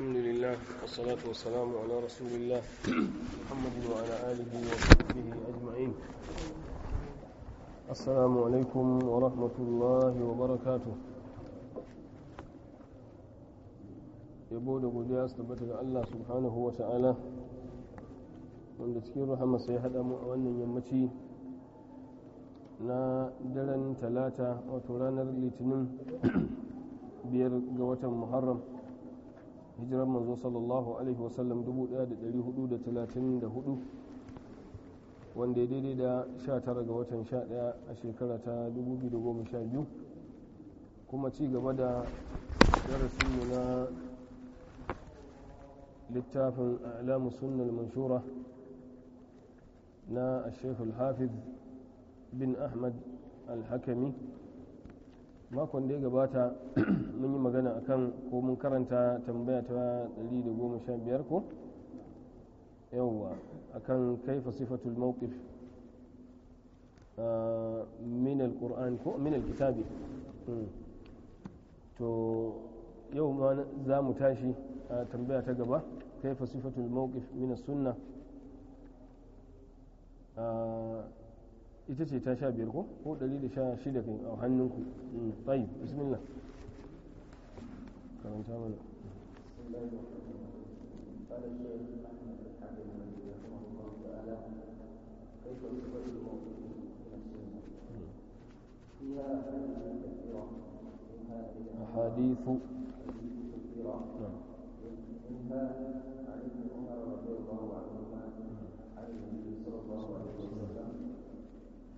الحمد لله والصلاة والسلام على رسول الله محمد وعلى آله وصحبه أجمعين السلام عليكم ورحمة الله وبركاته يبود godiya su tabbata ga Allah subhanahu wa ta'ala wanda cikin rahama sai haɗa mu a wannan yammaci na daren talata wato ranar litinin biyar ga watan muharram hijiran manzo sallallahu alaihi wasallam 1434 wanda ya daidai da 19 ga watan 11 a shekara ta 2012 kuma ci gaba da darasinmu na littafin alamu sunnal manshura na الشيخ الحافظ بن أحمد الحكمي makon da ya gabata mun yi magana kan ko mun karanta tambaya ta 115 ko yawwa kan kaifa sifatul mawqif min alquran ko min al-kitabi hmm. to yau ma za mu tashi a tambaya ta gaba kaifa sifatul mawqif min as-sunnah ita ce ta sha biyar ko ko ɗari da sha shida kai a hannunku mm, tsayi bismillah karanta mana قال الشيخ احمد بن حاتم رحمه الله تعالى كيف يخرج الموت من السنه فيها احاديث كثيره منها احاديث كثيره منها عن ابن عمر رضي الله عنهما عن النبي صلى الله عليه وسلم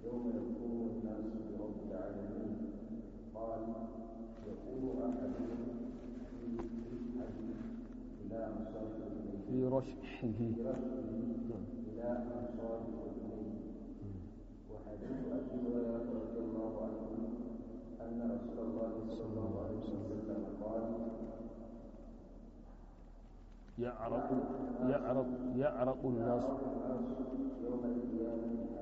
يوم يقوم الناس لرب العالمين قال يقول أحدهم في رشحه إلى أنصار الأذنين وحديث أبي هريرة رضي الله عنه أن رسول الله صلى الله عليه وسلم قال يعرق يعرق يعرق الناس يوم القيامة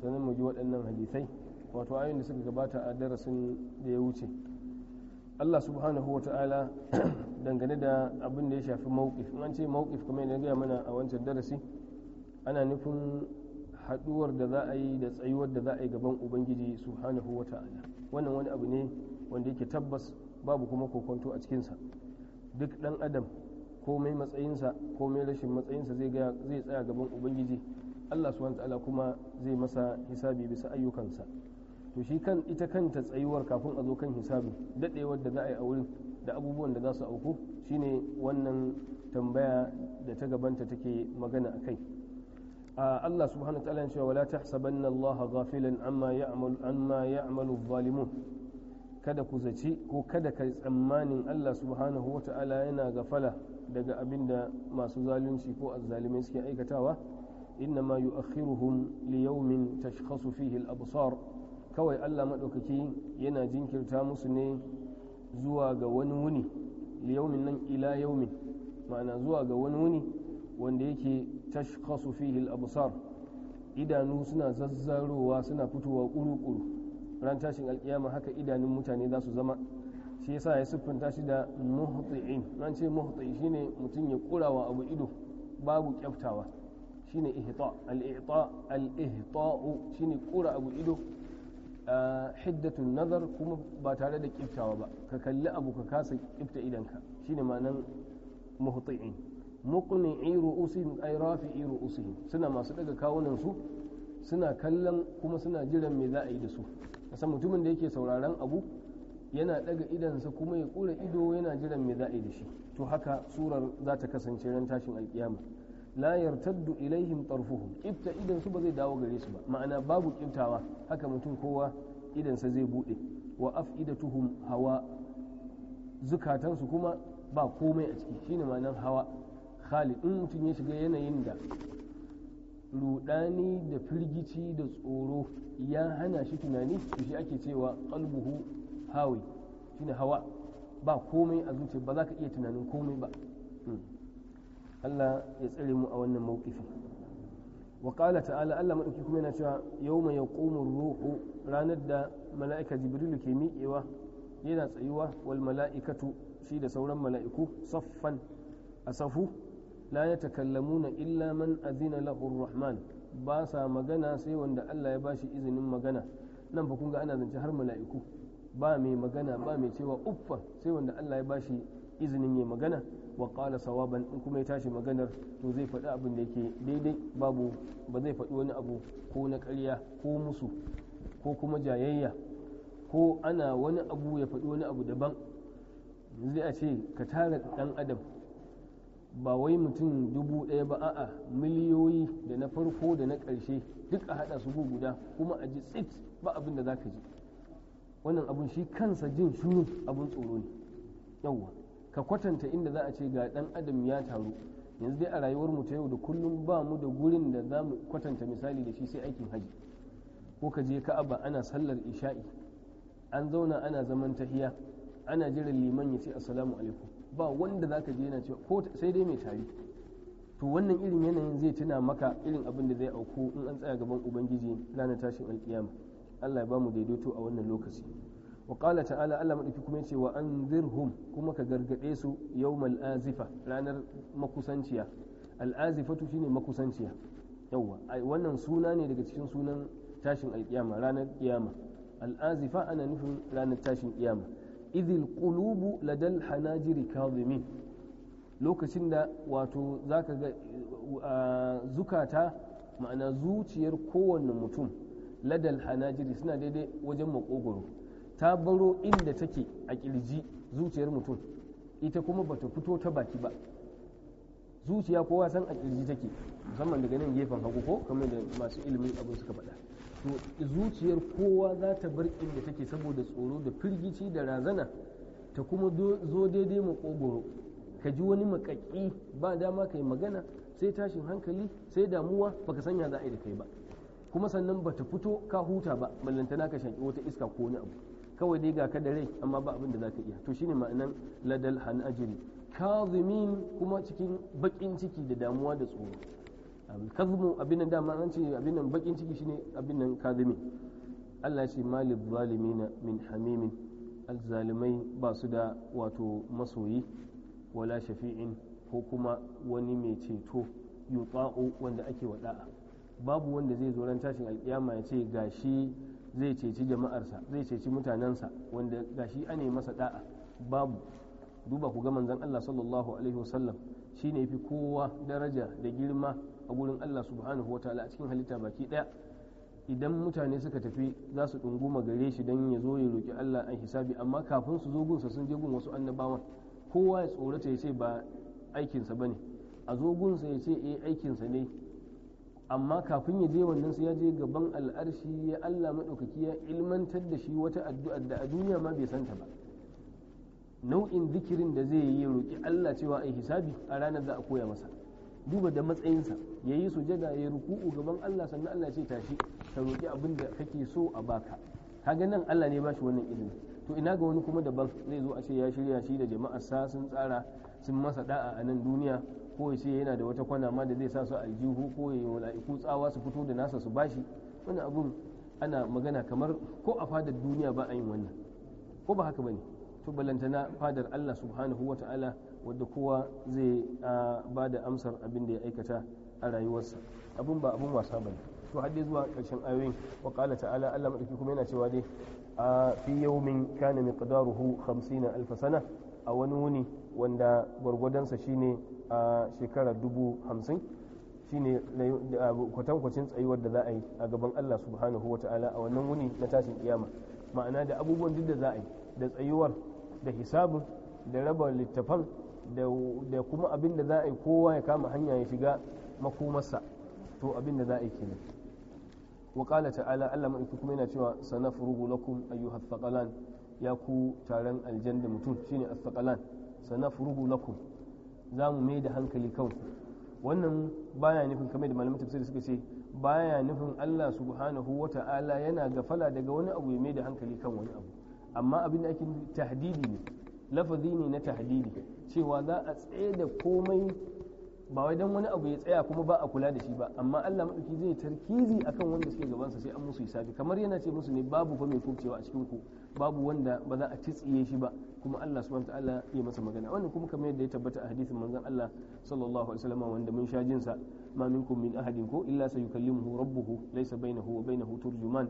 sannan mu ji waɗannan hadisai wato ayin da suka gabata a darasin da ya wuce Allah subhanahu wa ta'ala dangane da abin da ya shafi mawqif an ce mawqif kamar yadda gaya mana a wancan darasi ana nufin haɗuwar da za a yi da tsayuwar da za a yi gaban ubangiji subhanahu wa ta'ala wannan wani abu ne wanda yake tabbas babu kuma kokonto a cikinsa duk dan adam komai matsayinsa komai rashin matsayinsa zai tsaya gaban ubangiji Allah subhanahu ta'ala kuma zai masa hisabi bisa ayyukansa to shi kan ita kanta tsayuwar kafin a zo kan hisabi dadewar da za a yi a wurin da abubuwan da za su auku shine wannan tambaya da ta gabanta take magana kai Allah subhanahu ta'ala cewa wala tahsabanna Allah ghafilan amma ya'malu amma ya'malu zalimun kada ku zaci ko kada ka tsammanin Allah subhanahu wata'ala yana gafala daga abin da masu zalunci ko azalimai suke aikatawa إنما يؤخرهم ليوم تشخص فيه الأبصار kawai Allah maɗaukaki yana jinkirta musu ne zuwa ga wani wuni liyaumin nan ila yaumin ma'ana zuwa ga wani wuni wanda yake tashkasu fihil abusar idanu suna zazzarowa suna fitowa ƙuru-ƙuru ran tashin alƙiyama haka idanun mutane za su zama shi yasa ya siffanta shi da muhti'in ran ce muhti'i shine mutum ya ƙurawa abu ido babu kyaftawa shine ihta al-i'ta al-ihta shine kura abu ido hiddatun nazar kuma ba tare da kiftawa ba ka kalli abu ka kasa kifta idanka shine ma'anan muhti'in muqni'i ru'usihim ay rafi'i ru'usihim suna masu daga kawunan su suna kallon kuma suna jiran me za a yi da su kasan mutumin da yake sauraron abu yana daga idansa kuma ya kura ido yana jiran me za a yi da shi to haka surar za ta kasance ran tashin alkiyama la yartaddu ilaihim tarfuhum kifta idan su ba zai dawo gare su ba ma'ana babu kiftawa haka mutum kowa idan sa zai bude wa afidatuhum hawa zukatansu kuma ba komai a ciki shine ma'anan hawa khali in mutum ya shiga yanayin da rudani da firgici da tsoro ya hana shi tunani to shi ake cewa qalbuhu hawi shine hawa ba komai a zuciya ba za ka iya tunanin komai ba hmm. Allah ya tsare mu a wannan mawkifi wa ta'ala Allah maɗauki kuma yana cewa yau mai yaqumu ruhu ranar da mala'ika jibrilu ke miƙewa yana tsayuwa wal mala'ikatu shi da sauran mala'iku saffan a safu la na illa man azina lahu rahman ba sa magana sai wanda Allah ya bashi izinin magana nan fa kun ana zance har mala'iku ba mai magana ba mai cewa uffa sai wanda Allah ya ba shi izinin ya magana wa kala sawaban in kuma ya tashi maganar to zai faɗi abin da yake daidai babu ba zai faɗi wani abu ko na ƙarya ko musu ko kuma jayayya ko ana wani abu ya faɗi wani abu daban zai a ce ka tara ɗan adam ba wai mutum dubu ɗaya ba a'a miliyoyi da na farko da na ƙarshe duk a haɗa su guda kuma a ji tsit ba abin da za ka ji wannan abun shi kansa jin shuru abun tsoro ne yawwa ka kwatanta inda za a ce ga dan adam ya taru yanzu dai a rayuwar mu ta yau da kullum ba mu da gurin da za mu kwatanta misali da shi sai aikin haji ko ka je ka'aba ana sallar isha'i an zauna ana zaman tahiya ana jiran liman ya ce assalamu alaikum ba wanda za ka je yana cewa ko sai dai mai tari to wannan irin yanayin zai tuna maka irin abin da zai auku in an tsaya gaban ubangiji ranar tashin alkiyama allah ya ba mu daidaito a wannan lokaci wa qala ta'ala Allah madauki kuma yace wa anzirhum kuma ka gargade su yawmal azifa ranar makusanciya al'azifatu shine makusanciya yawa wannan suna ne daga cikin sunan tashin alkiyama ranar kiyama al'azifa ana nufin ranar tashin kiyama idil qulubu ladal hanajiri kadhimin lokacin da wato zaka ga zukata ma'ana zuciyar kowanne mutum ladal hanajiri suna daidai wajen makogoro ta baro inda take a kirji zuciyar mutum ita kuma bata fito ta baki ba zuciya kowa san a kirji take musamman daga nan gefen hagu ko kamar da masu ilimin abin suka faɗa to zuciyar kowa za ta bar inda take saboda tsoro da firgici da razana ta kuma zo daidai makogoro ka ji wani makaƙi ba dama ka yi magana sai tashin hankali sai damuwa baka sanya za a yi da kai ba kuma sannan bata fito ka huta ba ballantana ka shaƙi wata iska ko wani abu kawai dai ga kada da rai amma ba abin da za ka iya to shine ma'anan ladal hanajiri kazimin kuma cikin bakin ciki da damuwa da tsoro kazmu abin nan dama an ce abin nan bakin ciki shine abin nan kazimin Allah ce malib zalimina min hamimin alzalimai ba su da wato masoyi wala shafi'in ko kuma wani mai ceto yuqa'u wanda ake wada babu wanda zai zo ran tashin alkiyama ya ce gashi zai ceci jama'arsa zai ceci mutanensa wanda gashi ane masa da'a babu duba ku ga manzan Allah sallallahu alaihi wasallam shine fi kowa daraja da girma a gurin Allah subhanahu wataala a cikin halitta baki daya idan mutane suka tafi za su ɗunguma gare shi don ya zo ya roki Allah a hisabi amma kafin su zo gunsa sun je gun wasu annabawa kowa ya tsorata ya ce ba aikinsa ba ne a zo gunsa ya ce eh aikinsa ne amma kafin ya je wannan sai ya je gaban al'arshi ya Allah maɗaukaki ya ilmantar da shi wata addu'a da a duniya ma bai santa ba nau'in zikirin da zai yi roƙi Allah cewa ai hisabi a ranar za a koya masa duba da matsayinsa ya yi sujada ya ruku'u gaban Allah sannan Allah ce tashi ka roƙi abin da kake so a baka kaga nan Allah ne ba shi wannan ilimi to ina ga wani kuma daban zai zo a ce ya shirya shi da jama'a sa sun tsara sun masa da'a a nan duniya ko ya ce yana da wata kwana ma da zai sa su aljihu ko ya yi mala'iku tsawa su fito da nasa su bashi wani abun ana magana kamar ko a fadar duniya ba a yin wannan ko ba haka bane to balantana fadar Allah subhanahu wa ta'ala wadda kowa zai ba da amsar abin da ya aikata a rayuwarsa abun ba abun wasa bane to har dai zuwa karshen ayoyin wa qala ta'ala Allah madaki kuma yana cewa dai a fi yawmin kana miqdaruhu 50000 sana a wani wuni wanda gwargwadonsa shine a shekara dubu hamsin shine kwatankwacin tsayuwar da za a yi a gaban Allah subhanahu wa ta'ala a wannan wuni na tashin kiyama ma'ana da abubuwan duk da za a yi da tsayuwar da hisabin da raba littafan da kuma abin da za a yi kowa ya kama hanya ya shiga makomarsa to abin da za a yi kenan wa kala ta'ala Allah ma'aiki kuma yana cewa na lakum ayyuhath thaqalan ya ku taron aljanna mutum shine ath-thaqalan na lakum za mu mai da hankali kanku wannan baya nufin kamar da malamin da suka ce baya nufin Allah subhanahu wata'ala yana gafala daga wani abu ya mai da hankali kan wani abu amma abin da ake tahdidi ne lafazi ne na tahdidi cewa za a tsaye da komai ba wai dan wani abu ya tsaya kuma ba a kula da shi ba amma Allah madauki zai tarkizi akan wanda suke gabansa sai an musu hisabi kamar yana ce musu ne babu fa mai kubcewa a cikin ku babu wanda ba za a titsiye shi ba kuma Allah subhanahu ta'ala ya masa magana wannan kuma kamar yadda ya tabbata a hadisin manzon Allah sallallahu alaihi wasallam wanda mun sha sa ma minkum min ahadin ko illa sayukallimuhu rabbuhu laysa bainahu wa bainahu turjuman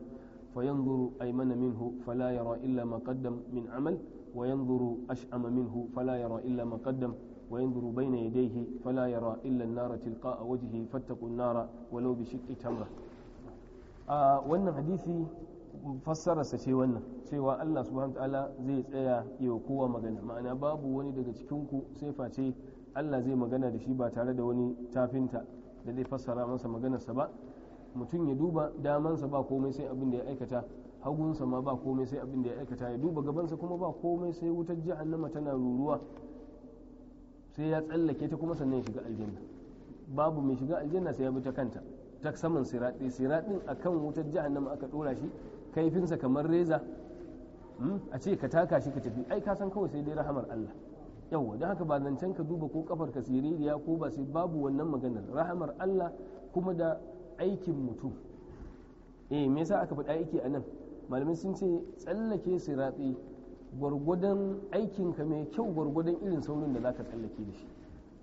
fayanzuru aymana minhu fala yara illa ma qaddam min amal minhu fala yara illa ma وينظر بين يديه فلا يرى إلا النار تلقاء وجهه فاتقوا النار ولو بشق تمرة آه وأن حديثي fassararsa ce wannan cewa Allah subhanahu ta'ala zai tsaya yau kowa magana ma'ana babu wani daga cikinku sai face Allah zai magana da shi ba tare da wani tafinta da zai fassara masa maganarsa ba mutum ya duba damansa ba komai sai abin da ya aikata hagunsa ma ba komai sai abin da ya aikata ya duba gabansa kuma ba komai sai wutar jahannama tana ruruwa sai ya tsallake ta kuma sannan ya shiga aljanna babu mai shiga aljanna sai ya bi ta kanta ta saman siraɗi siraɗin akan wutar jahannama aka ɗora shi kaifinsa kamar reza hmm, a ce ka taka shi ka tafi ai ka san kawai sai dai rahamar Allah yau don haka ba zancen ka duba ko kafar ka siririya ko ba sai babu wannan maganar rahamar Allah kuma da aikin mutum eh me yasa aka faɗa aiki a nan malamai sun ce tsallake siratsi gwargwadon ka mai kyau gwargwadon irin saurin da zaka tsallake da shi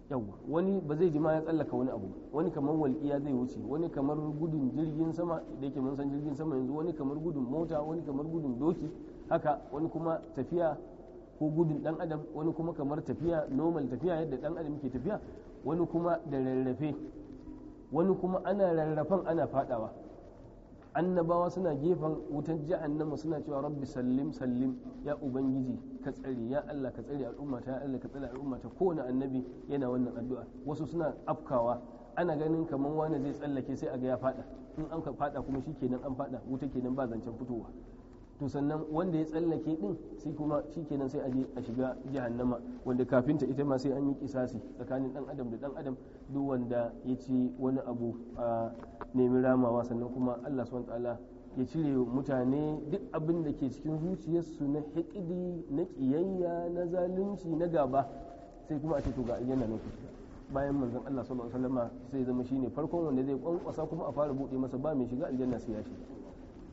yawa wani ba zai jima ya tsallaka wani abu wani kamar walƙiya zai wuce wani kamar gudun jirgin sama da yake mun san jirgin sama yanzu wani kamar gudun mota wani kamar gudun doki haka wani kuma tafiya ko gudun dan adam wani kuma kamar tafiya normal tafiya yadda dan adam ke tafiya wani kuma da rarrafe wani kuma ana rarrafan ana fadawa annabawa suna gefen wutar jahannama suna cewa rabbi sallim sallim ya ubangiji ka tsare ya Allah ka tsare al'ummata ya Allah ka tsare al'ummata kowane annabi yana wannan addu'a wasu suna afkawa ana ganin kamar wani zai tsallake sai a ga ya fada in an ka fada kuma shikenan an fada wuta kenan ba zancen fitowa to sannan wanda ya tsallake din sai kuma shikenan sai a je a shiga jahannama wanda kafinta ita ma sai an yi kisasi tsakanin dan adam da dan adam duk wanda ya ci wani abu a nemi ramawa sannan kuma Allah subhanahu wa ta'ala ya cire mutane duk abin da ke cikin zuciyarsu na hikidi na ƙiyayya na zalunci na gaba sai kuma a ce to ga ayyana na kusa bayan manzon Allah sallallahu alaihi wasallama sai zama shine farkon wanda zai kwankwasa kuma a fara bude masa ba mai shiga aljanna sai ya shiga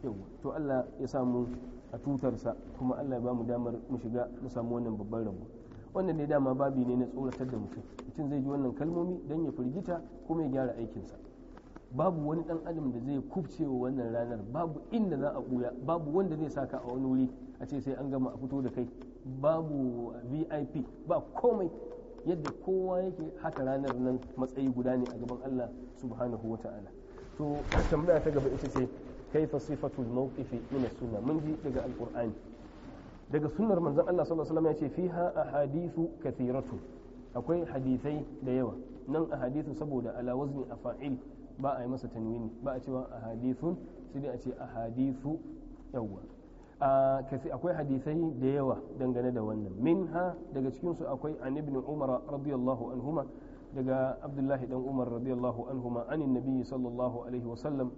yau to Allah ya samu a tutarsa kuma Allah ya ba mu damar mu shiga mu samu wannan babban rabo wannan ne dama babi ne na tsoratar da mutum mutum zai ji wannan kalmomi dan ya firgita kuma ya gyara aikinsa babu wani dan adam da zai kubce wa wannan ranar babu inda za a buya babu wanda zai saka a wani wuri a ce sai an gama a fito da kai babu vip ba komai yadda kowa yake haka ranar nan matsayi guda ne a gaban allah subhanahu wa ta'ala to tambaya ta gaba ita ce fa sifatul mawqifi min sunna mun ji daga alqur'ani daga sunnar manzon allah sallallahu alaihi wasallam ya ce fiha ahadithu kathiratu akwai hadisai da yawa nan ahadithu saboda ala wazni afa'il ba a yi masa tanwini ba a cewa ahadithun sai dai a ce ahadithu yawwa akwai hadisai da yawa dangane da wannan minha daga cikinsu akwai an ibn umar radiyallahu anhuma daga abdullahi dan umar radiyallahu anhuma anin nabiyyi sallallahu alaihi wa sallam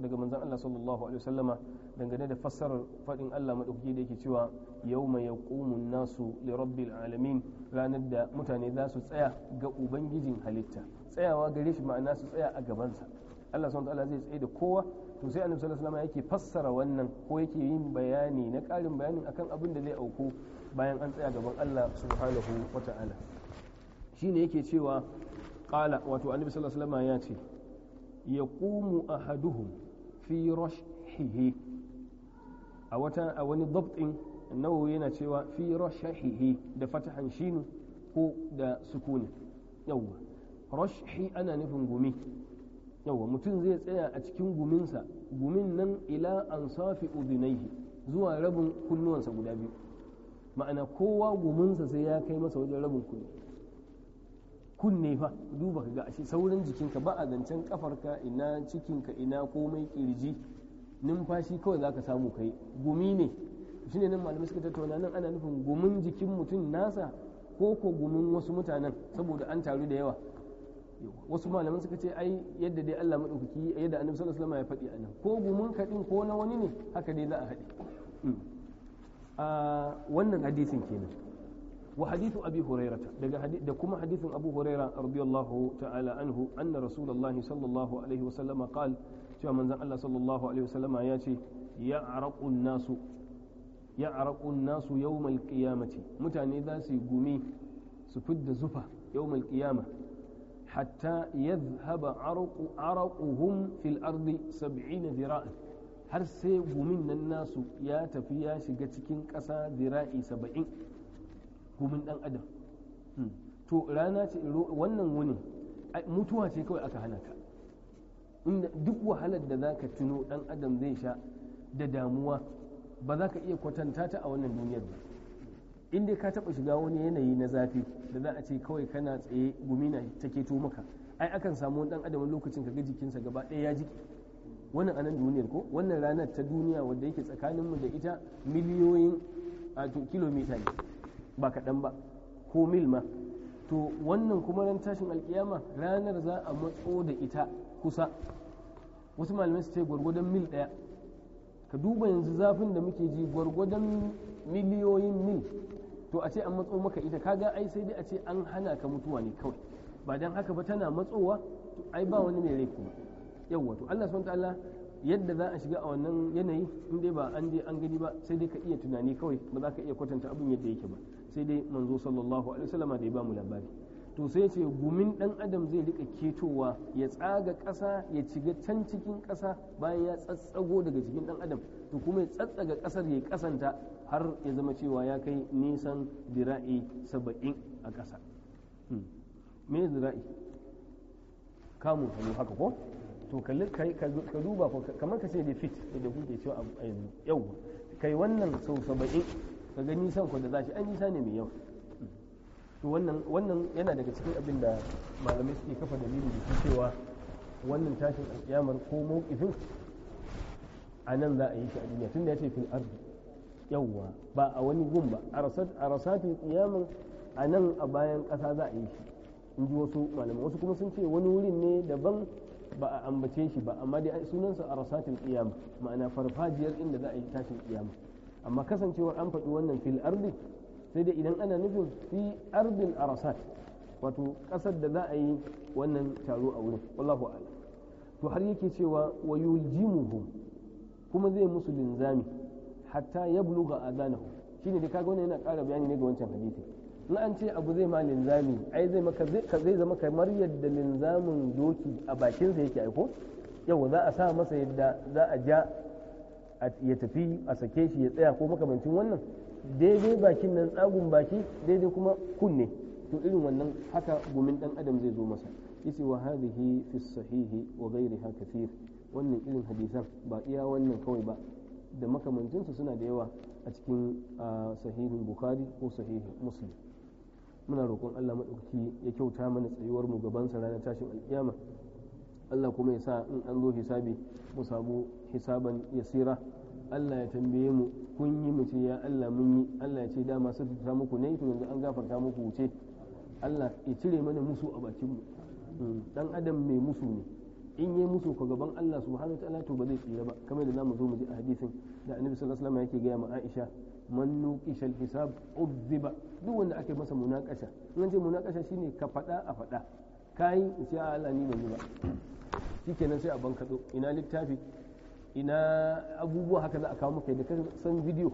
daga manzan Allah sallallahu alaihi wa sallama dangane da fassarar fadin Allah madaukaki da yake cewa yawma yaqumun nasu li rabbil alamin ranar da mutane za su tsaya ga ubangijin halitta tsayawa gare shi ma'ana su tsaya a gabansa Allah subhanahu zai tsaye da kowa to sai annabi sallallahu alaihi yake fassara wannan ko yake yin bayani na karin bayanin akan abin da zai auku bayan an tsaya gaban Allah subhanahu wa ta'ala shine yake cewa qala wato annabi sallallahu alaihi wasallam ya ce yaqumu ahaduhum fi rashhihi a wata a wani dabtin nawo yana cewa fi rashahihi da fatahan shinu ko da sukuni yawwa rashhi ana nufin gumi yawwa mutum zai tsaya a cikin guminsa gumin nan ila an safi udunaihi zuwa rabin kunnuwansa guda biyu ma'ana kowa guminsa sai ya kai masa wajen rabin kunnuwa kunne fa duba ka ga ashe saurin jikinka ba a zancen kafarka ina cikinka ina komai kirji numfashi kawai za ka samu kai gumi ne shi ne nan malamai suka tattauna nan ana nufin gumin jikin mutum nasa ko ko gumin wasu mutanen saboda an taru da yawa wasu malaman suka ce ai yadda dai Allah madaukaki yadda annabi sallallahu alaihi wasallam ya faɗi anan ko gumin kaɗin ko na wani ne haka dai za a haɗe hmm. a ah, wannan hadisin kenan wa hadithu abi huraira daga da kuma hadithin abu huraira radiyallahu ta'ala anhu anna rasulullahi sallallahu alaihi wa sallama qal cewa manzan Allah sallallahu alaihi wa sallama ya ce ya'raqu nasu ya'raqu nasu yawmal qiyamati mutane za su gumi su fidda zufa yawmal qiyama hatta yadhhaba araqu araquhum fil ardi 70 zira'an har sai gumin nan nasu ya tafi ya shiga cikin ƙasa zira'i saba'in gumin dan adam hmm. to rana ce wannan wuni mutuwa ce kawai aka hana ka inda duk wahalar da za ka tuno dan adam zai sha da damuwa ba za ka iya kwatanta ta a wannan duniyar ba inda ka taba shiga wani yanayi na zafi da za a ce kawai kana tsaye gumi na take to maka ai akan samu wani dan adam lokacin ka ga jikinsa gaba ɗaya ya jiki wannan anan duniyar ko wannan ranar ta duniya wadda yake tsakanin mu da ita miliyoyin a kilomita ne ba kaɗan ba ko mil ma to wannan kuma ran tashin alkiyama ranar za a matso da ita kusa wasu malamai su ce gwargwadon mil ɗaya ka duba yanzu zafin da muke ji gwargwadon miliyoyin mil to a ce an matso maka ita kaga ai sai dai a ce an hana ka mutuwa ne kawai ba dan haka ba tana matsowa ai ba wani mai rai kuma yawwa to Allah subhanahu ta'ala yadda za a shiga a wannan yanayi in dai ba an je an gani ba sai dai ka iya tunani kawai ba za ka iya kwatanta abin yadda yake ba sai dai manzo sallallahu alaihi wasallam da ya ba mu labari to sai ce gumin dan adam zai rika ketowa ya tsaga kasa ya ciga can cikin kasa bayan ya tsatsago daga cikin dan adam to kuma ya tsatsaga kasar ya kasanta har ya zama cewa ya kai nisan dira'i saba'in a kasa. Hmm. me dira'i kamun hannu haka ko to ka duba ko kamar ka ce da fit da kuke cewa a yanzu yau kai wannan sau saba'in ka ga nisan ku da za shi an nisa ne mai yau to wannan yana daga cikin abin da malamai suke kafa dalili da cewa wannan tashin alkiyamar ko mawqifin a nan za a yi shi a duniya tunda ya ce fil ardi yawwa ba a wani gun ba a rasatin kiyamun a nan a bayan ƙasa za a yi shi in ji wasu malamai wasu kuma sun ce wani wurin ne daban ba a ambace shi ba amma dai sunansa a rasatin kiyama ma'ana farfajiyar inda za a yi tashin kiyama amma kasancewar an faɗi wannan fil ardi sai dai idan ana nufin fi ardil arasat wato ƙasar da za a yi wannan taro a wurin wallahu to har yake cewa wa yuljimuhum kuma zai musu linzami hatta a zanahu. shine da kaga wannan yana ƙara bayani ne ga wancan hadisi in an ce abu zai ma linzami ai zai maka zai zama kamar yadda linzamin doki a bakin sa yake aiko yau za a sa masa yadda za a ja ya tafi a sake shi ya tsaya ko makamancin wannan daidai bakin nan tsagun baki daidai kuma kunne to irin wannan haka gumin dan adam zai zo masa yace wa hadhihi fi sahihi wa ghayriha kathir wannan irin hadisan ba iya wannan kawai ba da makamancinsu suna da yawa a cikin sahihin bukhari ko sahihin muslim muna roƙon Allah maɗaukaki ya kyauta mana tsayuwar mu gabansa ranar tashin alƙiyama Allah kuma ya sa in an zo hisabi mu samu hisaban yasira Allah ya tambaye mu kun yi mu ce ya Allah mun yi Allah ya ce dama sun fita muku ne to yanzu an gafarta muku wuce Allah ya cire mana musu a bakin mu hmm, dan adam mai musu ne in yi musu ko gaban Allah subhanahu wataala to ba zai tsira ba kamar da zamu zo mu ji a hadisin da Annabi sallallahu alaihi wasallam yake gaya ma Aisha man nuqishal hisab udhiba duk wanda ake masa munakasha in ce munakasha shine ka fada a faɗa kai sai Allah ni ban yi ba shikenan sai a bankaɗo ina littafi ina abubuwa haka za a kawo maka da ka san bidiyo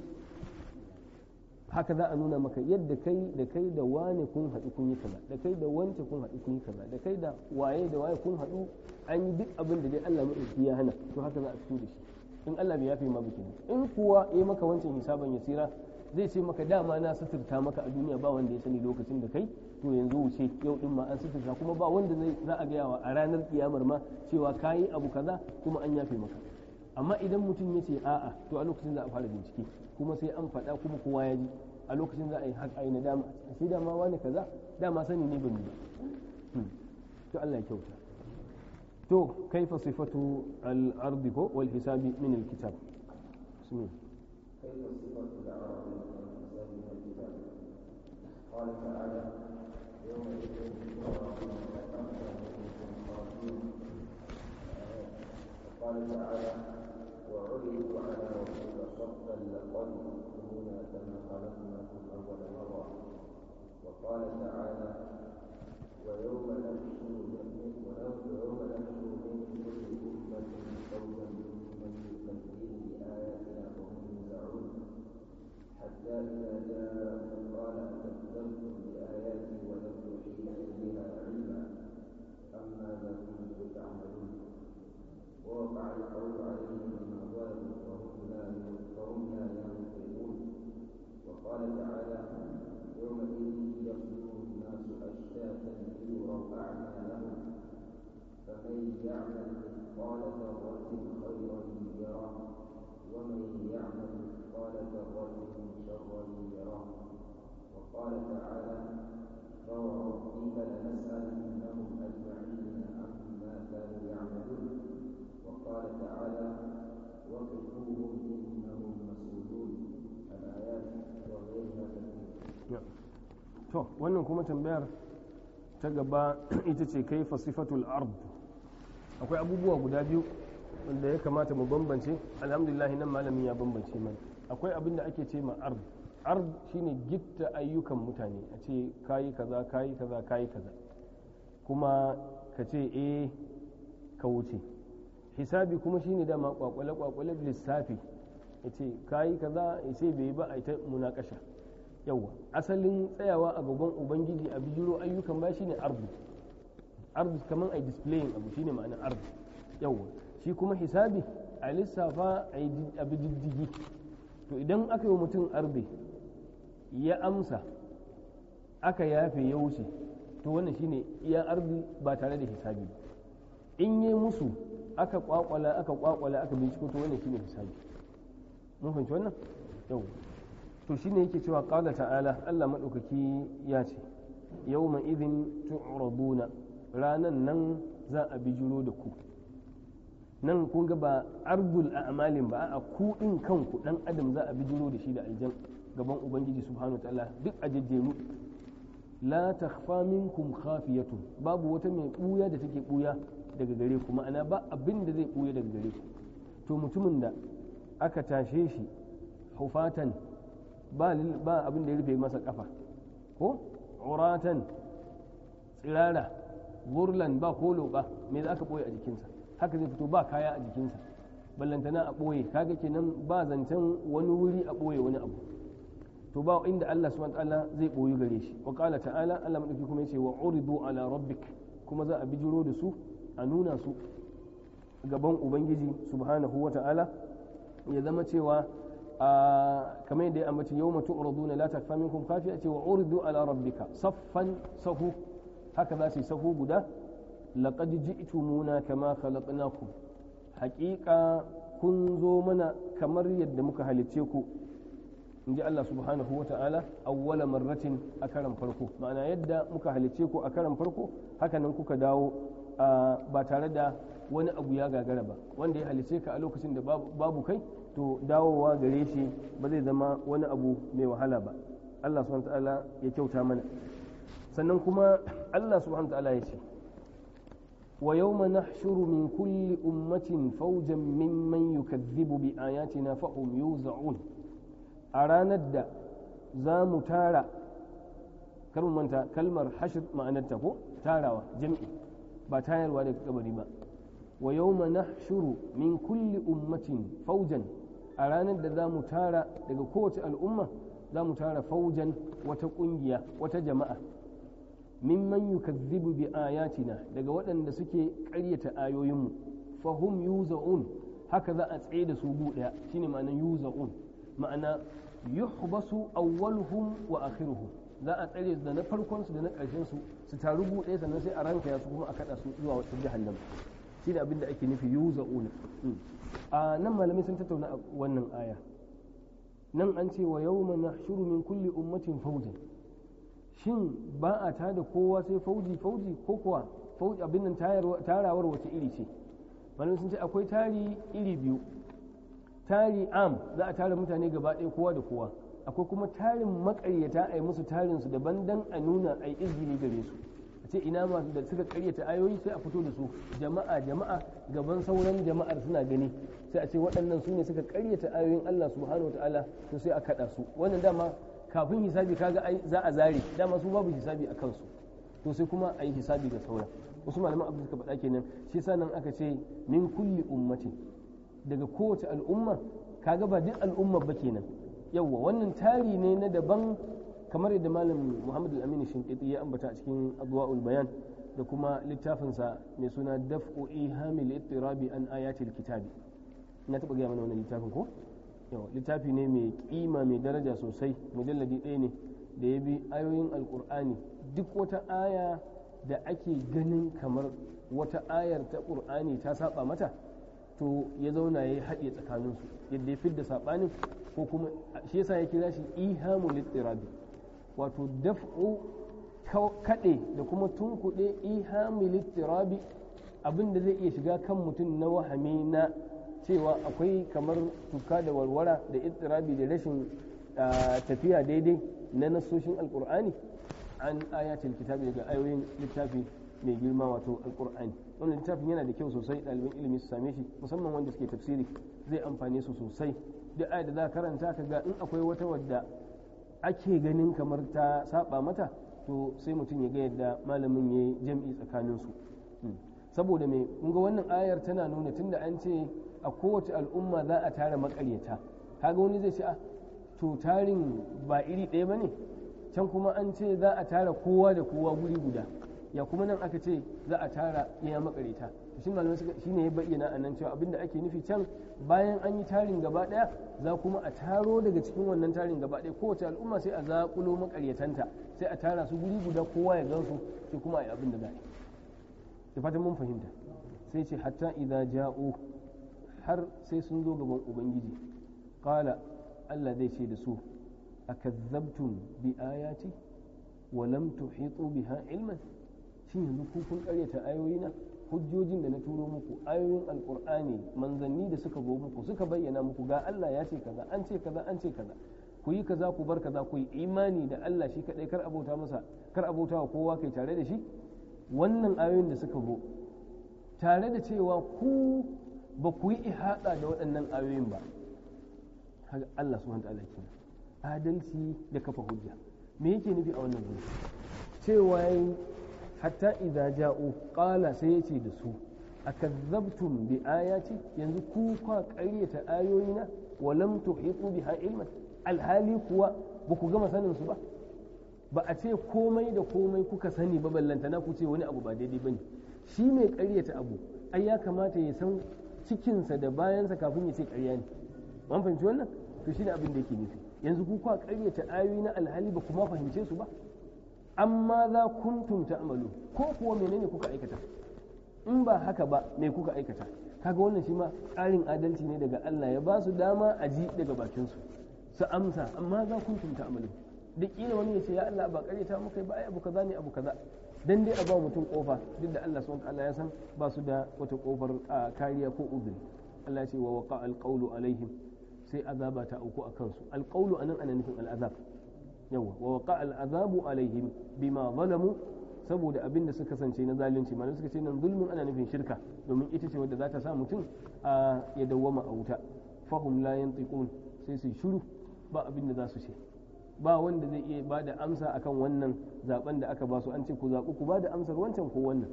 haka za a nuna maka yadda kai da kai da wane kun haɗu kun yi kaza da kai da wance kun haɗu kun yi kaza da kai da waye da waye kun haɗu an yi duk abin da dai Allah maɗauki ya hana to haka za a fito da shi in Allah bai yafe ma bikin in kuwa ya maka wancan hisaban ya tsira zai ce maka dama na suturta maka a duniya ba wanda ya sani lokacin da kai to yanzu wuce yau din ma an suturta kuma ba wanda za a gayawa a ranar kiyamar ma cewa kayi abu kaza kuma an yafe maka amma idan mutum ya ce a'a to a lokacin za a fara bincike kuma sai an faɗa kuma kowa ya ji a lokacin za a yi haƙa na dama a sai dama wani kaza dama sani ne ban ba hmm. to Allah ya kyauta to kaifa sifatu al-ardi ko wal hisabi min al-kitab bismillah kaifa sifatu al-ardi قال تعالى وعلوا على ربك صفا لقد كنا كما خلقناكم اول مره وقال تعالى ويوم نحشر ويوم نحشر من كل امه قولا ممن يكذب باياتنا وهم يدعون حتى اذا جاءهم قال كذبتم باياتي ولم تحيطوا بها علما اما ما كنتم تعملون ووقع القول عليهم أموالهم وقال تعالى يومئذ يصدر الناس أشتاتا ليروا أعمالهم فمن يعمل مثقال ذرة خيرا يره ومن يعمل مثقال ذرة شرا يره وقال تعالى فوربك لنسألنهم أجمعين wannan kuma tambayar ta gaba ita ce kai fasifatul ard akwai abubuwa guda biyu wanda ya kamata mu bambance alhamdulillah nan malamin ya bambance man akwai abin da ake ce ma ard ard shine gitta ayyukan mutane a ce kayi kaza kayi kaza kayi kaza kuma ka ce eh ka wuce hisabi kuma shine dama kwakwale kwakwale lissafi ya ce kayi kaza ya ce bai ba a ita munakasha yawa asalin tsayawa a gaban ubangiji a bijiro ayyukan ba shine ardu ardu kaman a displaying abu shine ma'anar ardu yawa shi kuma hisabi a lissafa a bi diddigi to idan aka yi mutum arbe ya amsa aka yafe ya wuce to wannan shine iya arbi ba tare da hisabi in yi musu aka kwakwala aka kwakwala aka binciko to wannan shine hisabi mun fahimci wannan yau to shine yake cewa da ta'ala Allah maɗaukaki ya ce yau yawma idhin tu'raduna ranan nan za a bijiro da ku nan kun ga ba ardul a'malin ba a kuɗin din kanku dan adam za a bijiro da shi da aljan gaban ubangiji subhanahu ta'ala duk a jejjeru la takhfa minkum khafiyatun babu wata mai ɓuya da take buya daga gare ku ma'ana ba abin da zai buya daga gare ku to mutumin da aka tashe shi hufatan ba ba abin da ya rufe masa kafa ko uratan tsirara burlan ba ko loka me za ka ɓoye a jikinsa haka zai fito ba kaya a jikinsa ballantana a boye kaga kenan ba zancen wani wuri a boye wani abu to ba inda Allah subhanahu ta'ala zai boyi gare shi wa qala ta'ala Allah madauki kuma yace wa uridu ala rabbik kuma za a bijiro da su a nuna su gaban ubangiji subhanahu wa ta'ala ya zama cewa kamar yadda ya ambaci yau mutu urdu na lata famin kun kafi a cewa urdu ala rabbika saffan sahu haka za su yi sahu guda laƙad ji'tumuna kama khalaqnakum haƙiƙa kun zo mana kamar yadda muka halicce ku in ji Allah subhanahu wa ta'ala awwala marratin a karan farko ma'ana yadda muka halicce ku a karan farko hakanan kuka dawo ba tare da wani abu ya gagara ba wanda ya halicce ka a lokacin da babu kai to dawowa gare shi ba zai zama wani abu mai wahala ba Allah subhanahu ta'ala ya kyauta mana sannan kuma Allah subhanahu ta'ala ya ce wa yawma nahshuru min kulli ummatin fawjan mimman yukazzibu bi ayatina fa hum yuz'un a ranar da za mu tara manta kalmar hashr ma'anarta ko tarawa jami'i ba tayarwa daga kabari ba wa yawma nahshuru min kulli ummatin fawjan a ranar da za mu tara daga kowace al'umma za mu tara faujan wata ƙungiya wata jama'a mimman yukazzibu bi ayatina daga waɗanda suke ƙaryata ayoyinmu fahum zaun haka za a tsaye da su gu ɗaya ma'ana yu yuza'un ma'ana yuhbasu awwaluhum wa akhiruhum za a tsare da na farkon su da na ƙarshensu su su taru gu ɗaya sannan sai a ranka ya su kuma a kaɗa su zuwa wata jahannama shine abin da ake nufi yuzauna a nan malamai sun tattauna a wannan aya nan an ce wa mana shuru min kulli ummatin fauji shin ba a tada kowa sai fauji fauji ko kuwa abin nan tarawar wata iri ce malamai sun ce akwai tari iri biyu tari am za a tara mutane gaba ɗaya kowa da kowa akwai kuma tarin maƙaryata a yi musu tarin su daban dan a nuna a yi izgiri gare su ce ina masu da suka karyata ayoyi sai a fito da su jama'a jama'a gaban sauran jama'ar suna gani sai a ce waɗannan su ne suka karyata ayoyin Allah subhanahu ta'ala to sai a kaɗa su wannan dama kafin hisabi kaga ai za a zare dama su babu hisabi a kansu to sai kuma a yi hisabi ga sauran wasu malaman abu suka faɗa kenan shi yasa nan aka ce min kulli ummatin daga kowace al'umma kaga ba duk al'umma ba kenan yawwa wannan tari ne na daban kamar yadda malam muhammadu al-amini shinkiti ya ambata a cikin adwa'ul bayan da kuma littafinsa mai suna daf'u ihamil ittirabi an ayatil kitabi na taba gaya mana wannan littafin ko yau littafi ne mai kima mai daraja sosai mujalladi ɗaya ne da ya bi ayoyin alkur'ani duk wata aya da ake ganin kamar wata ayar ta qur'ani ta saba mata to ya zauna ya haɗe tsakaninsu yadda ya fidda saɓanin ko kuma shi yasa ya kira shi ihamul ittirabi wato daf'u kaɗe da kuma tunkuɗe ihamil ittirabi abin zai iya shiga kan mutum na wahami na cewa akwai kamar tuka da warwara da ittirabi da rashin tafiya daidai na nasoshin alkur'ani an ayatul kitabi daga ayoyin littafi mai girma wato alkur'ani wannan littafin yana da kyau sosai ɗaliban ilimi su same shi musamman wanda suke tafsiri zai amfane su sosai duk ayat da za karanta ka ga in akwai wata wadda ake ganin kamar ta saba mata to sai mutum ya ga yadda malamin ya yi jam'i su hmm. saboda mai ga wannan ayar tana nuna tunda an ce a kowace al'umma za a tara makaryata kaga wani zai ce a ah, to tarin ba iri ɗaya ba ne can kuma an ce za a tara kowa da kowa guri guda ya kuma nan aka ce za a tara iya makaryata shi malamai suka shi ne ya bayyana a nan cewa abinda ake nufi can bayan an yi tarin gaba ɗaya za kuma a taro daga cikin wannan tarin gaba ɗaya kowace al'umma sai a zaƙulo maƙaryatanta sai a tara su guri guda kowa ya gansu sai kuma a yi abin da za a yi da fatan mun fahimta sai ce hatta idza ja'u har sai sun zo gaban ubangiji qala Allah zai ce da su akazzabtum bi ayati wa lam tuhitu biha ilman shin yanzu kun karyata ayoyina hujjojin da na turo muku ayoyin alkur'ani manzanni da suka zo muku suka bayyana muku ga Allah ya ce kaza an ce kaza an ce kaza ku yi kaza ku bar kaza ku yi imani da Allah shi kadai kar abota masa kar abota wa kowa kai tare da shi wannan ayoyin da suka zo tare da cewa ku ba ku yi ihada da waɗannan ayoyin ba Allah subhanahu wa ta'ala adalci da kafa hujja me yake nufi a wannan gurin cewa hatta idza ja'u qala sai yace da su akazzabtum bi ayati yanzu ku kwa ƙaryata ayoyina wa lam tuhitu biha ilman alhali kuwa ba ku gama sanin su ba ba a ce komai da komai kuka sani ba na ku ce wani abu ba daidai bane shi mai ƙaryata abu ai ya kamata ya san cikinsa da bayansa kafin ya ce ƙarya ne an fahimci wannan to shi ne abin da yake nufi yanzu ku kwa ƙaryata ayoyi na alhali ba kuma fahimce su ba amma za kuntum ta'malu ko kuwa menene kuka aikata in ba haka ba me kuka aikata kaga wannan shi ma tsarin adalci ne daga Allah ya ba su dama a ji daga bakinsu su amsa amma za kuntum ta'malu da kila wani ya ce ya Allah ba ta muka ba ai abu kaza ne abu kaza dan dai a ba mutum kofa duk da Allah subhanahu Allah ya san ba su da wata kofar kariya ko uzuri Allah ya ce wa waqa alqawlu alaihim sai azaba ta auku akan su alqawlu anan ana nufin al'azab yawa wa waka al'azabu alaihim bima zalamu saboda abin da suka kasance na zalunci ma suka ce nan zulmin ana nufin shirka domin ita ce wadda za ta sa mutum a ya dawwama a wuta fahum la yantiqun sai su shiru ba abin da za su ce ba wanda zai iya ba da amsa akan wannan zaben da aka ba su an ce ku zaɓu ku ba da amsar wancan ko wannan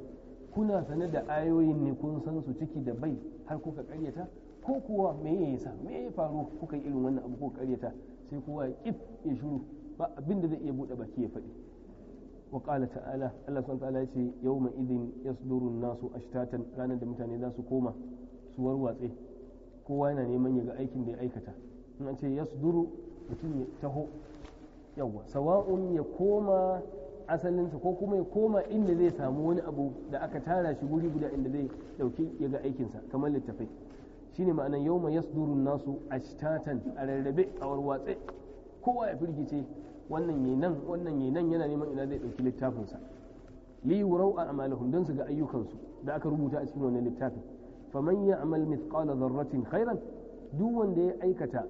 kuna sane da ayoyin ne kun san su ciki da bai har kuka karyata ko kuwa me ya yi sa me ya faru kuka yi irin wannan abu kuka karyata sai kowa ya ƙif ya shiru ba abinda zai iya buɗe baki ya faɗi wa ƙala ta'ala Allah subhanahu ta'ala yace yawma idin yasduru nasu ashtatan ranar da mutane za su koma su warwatse kowa yana neman ya ga aikin da ya aikata in an ce yasduru mutum ya taho yawwa sawa'un ya koma asalinsa ko kuma ya koma inda zai samu wani abu da aka tara shi guri guda inda zai dauki ya ga aikinsa kamar littafai shine ma'anan yawma yasduru nasu ashtatan a rarrabe a warwatse kowa ya firgice wannan yayi nan wannan nan yana neman ina zai ɗauki littafinsa. sa a yurau a'malahum su ga ayyukansu da aka rubuta a cikin wannan littafin faman ya'mal mithqala dharratin khairan duk wanda ya aikata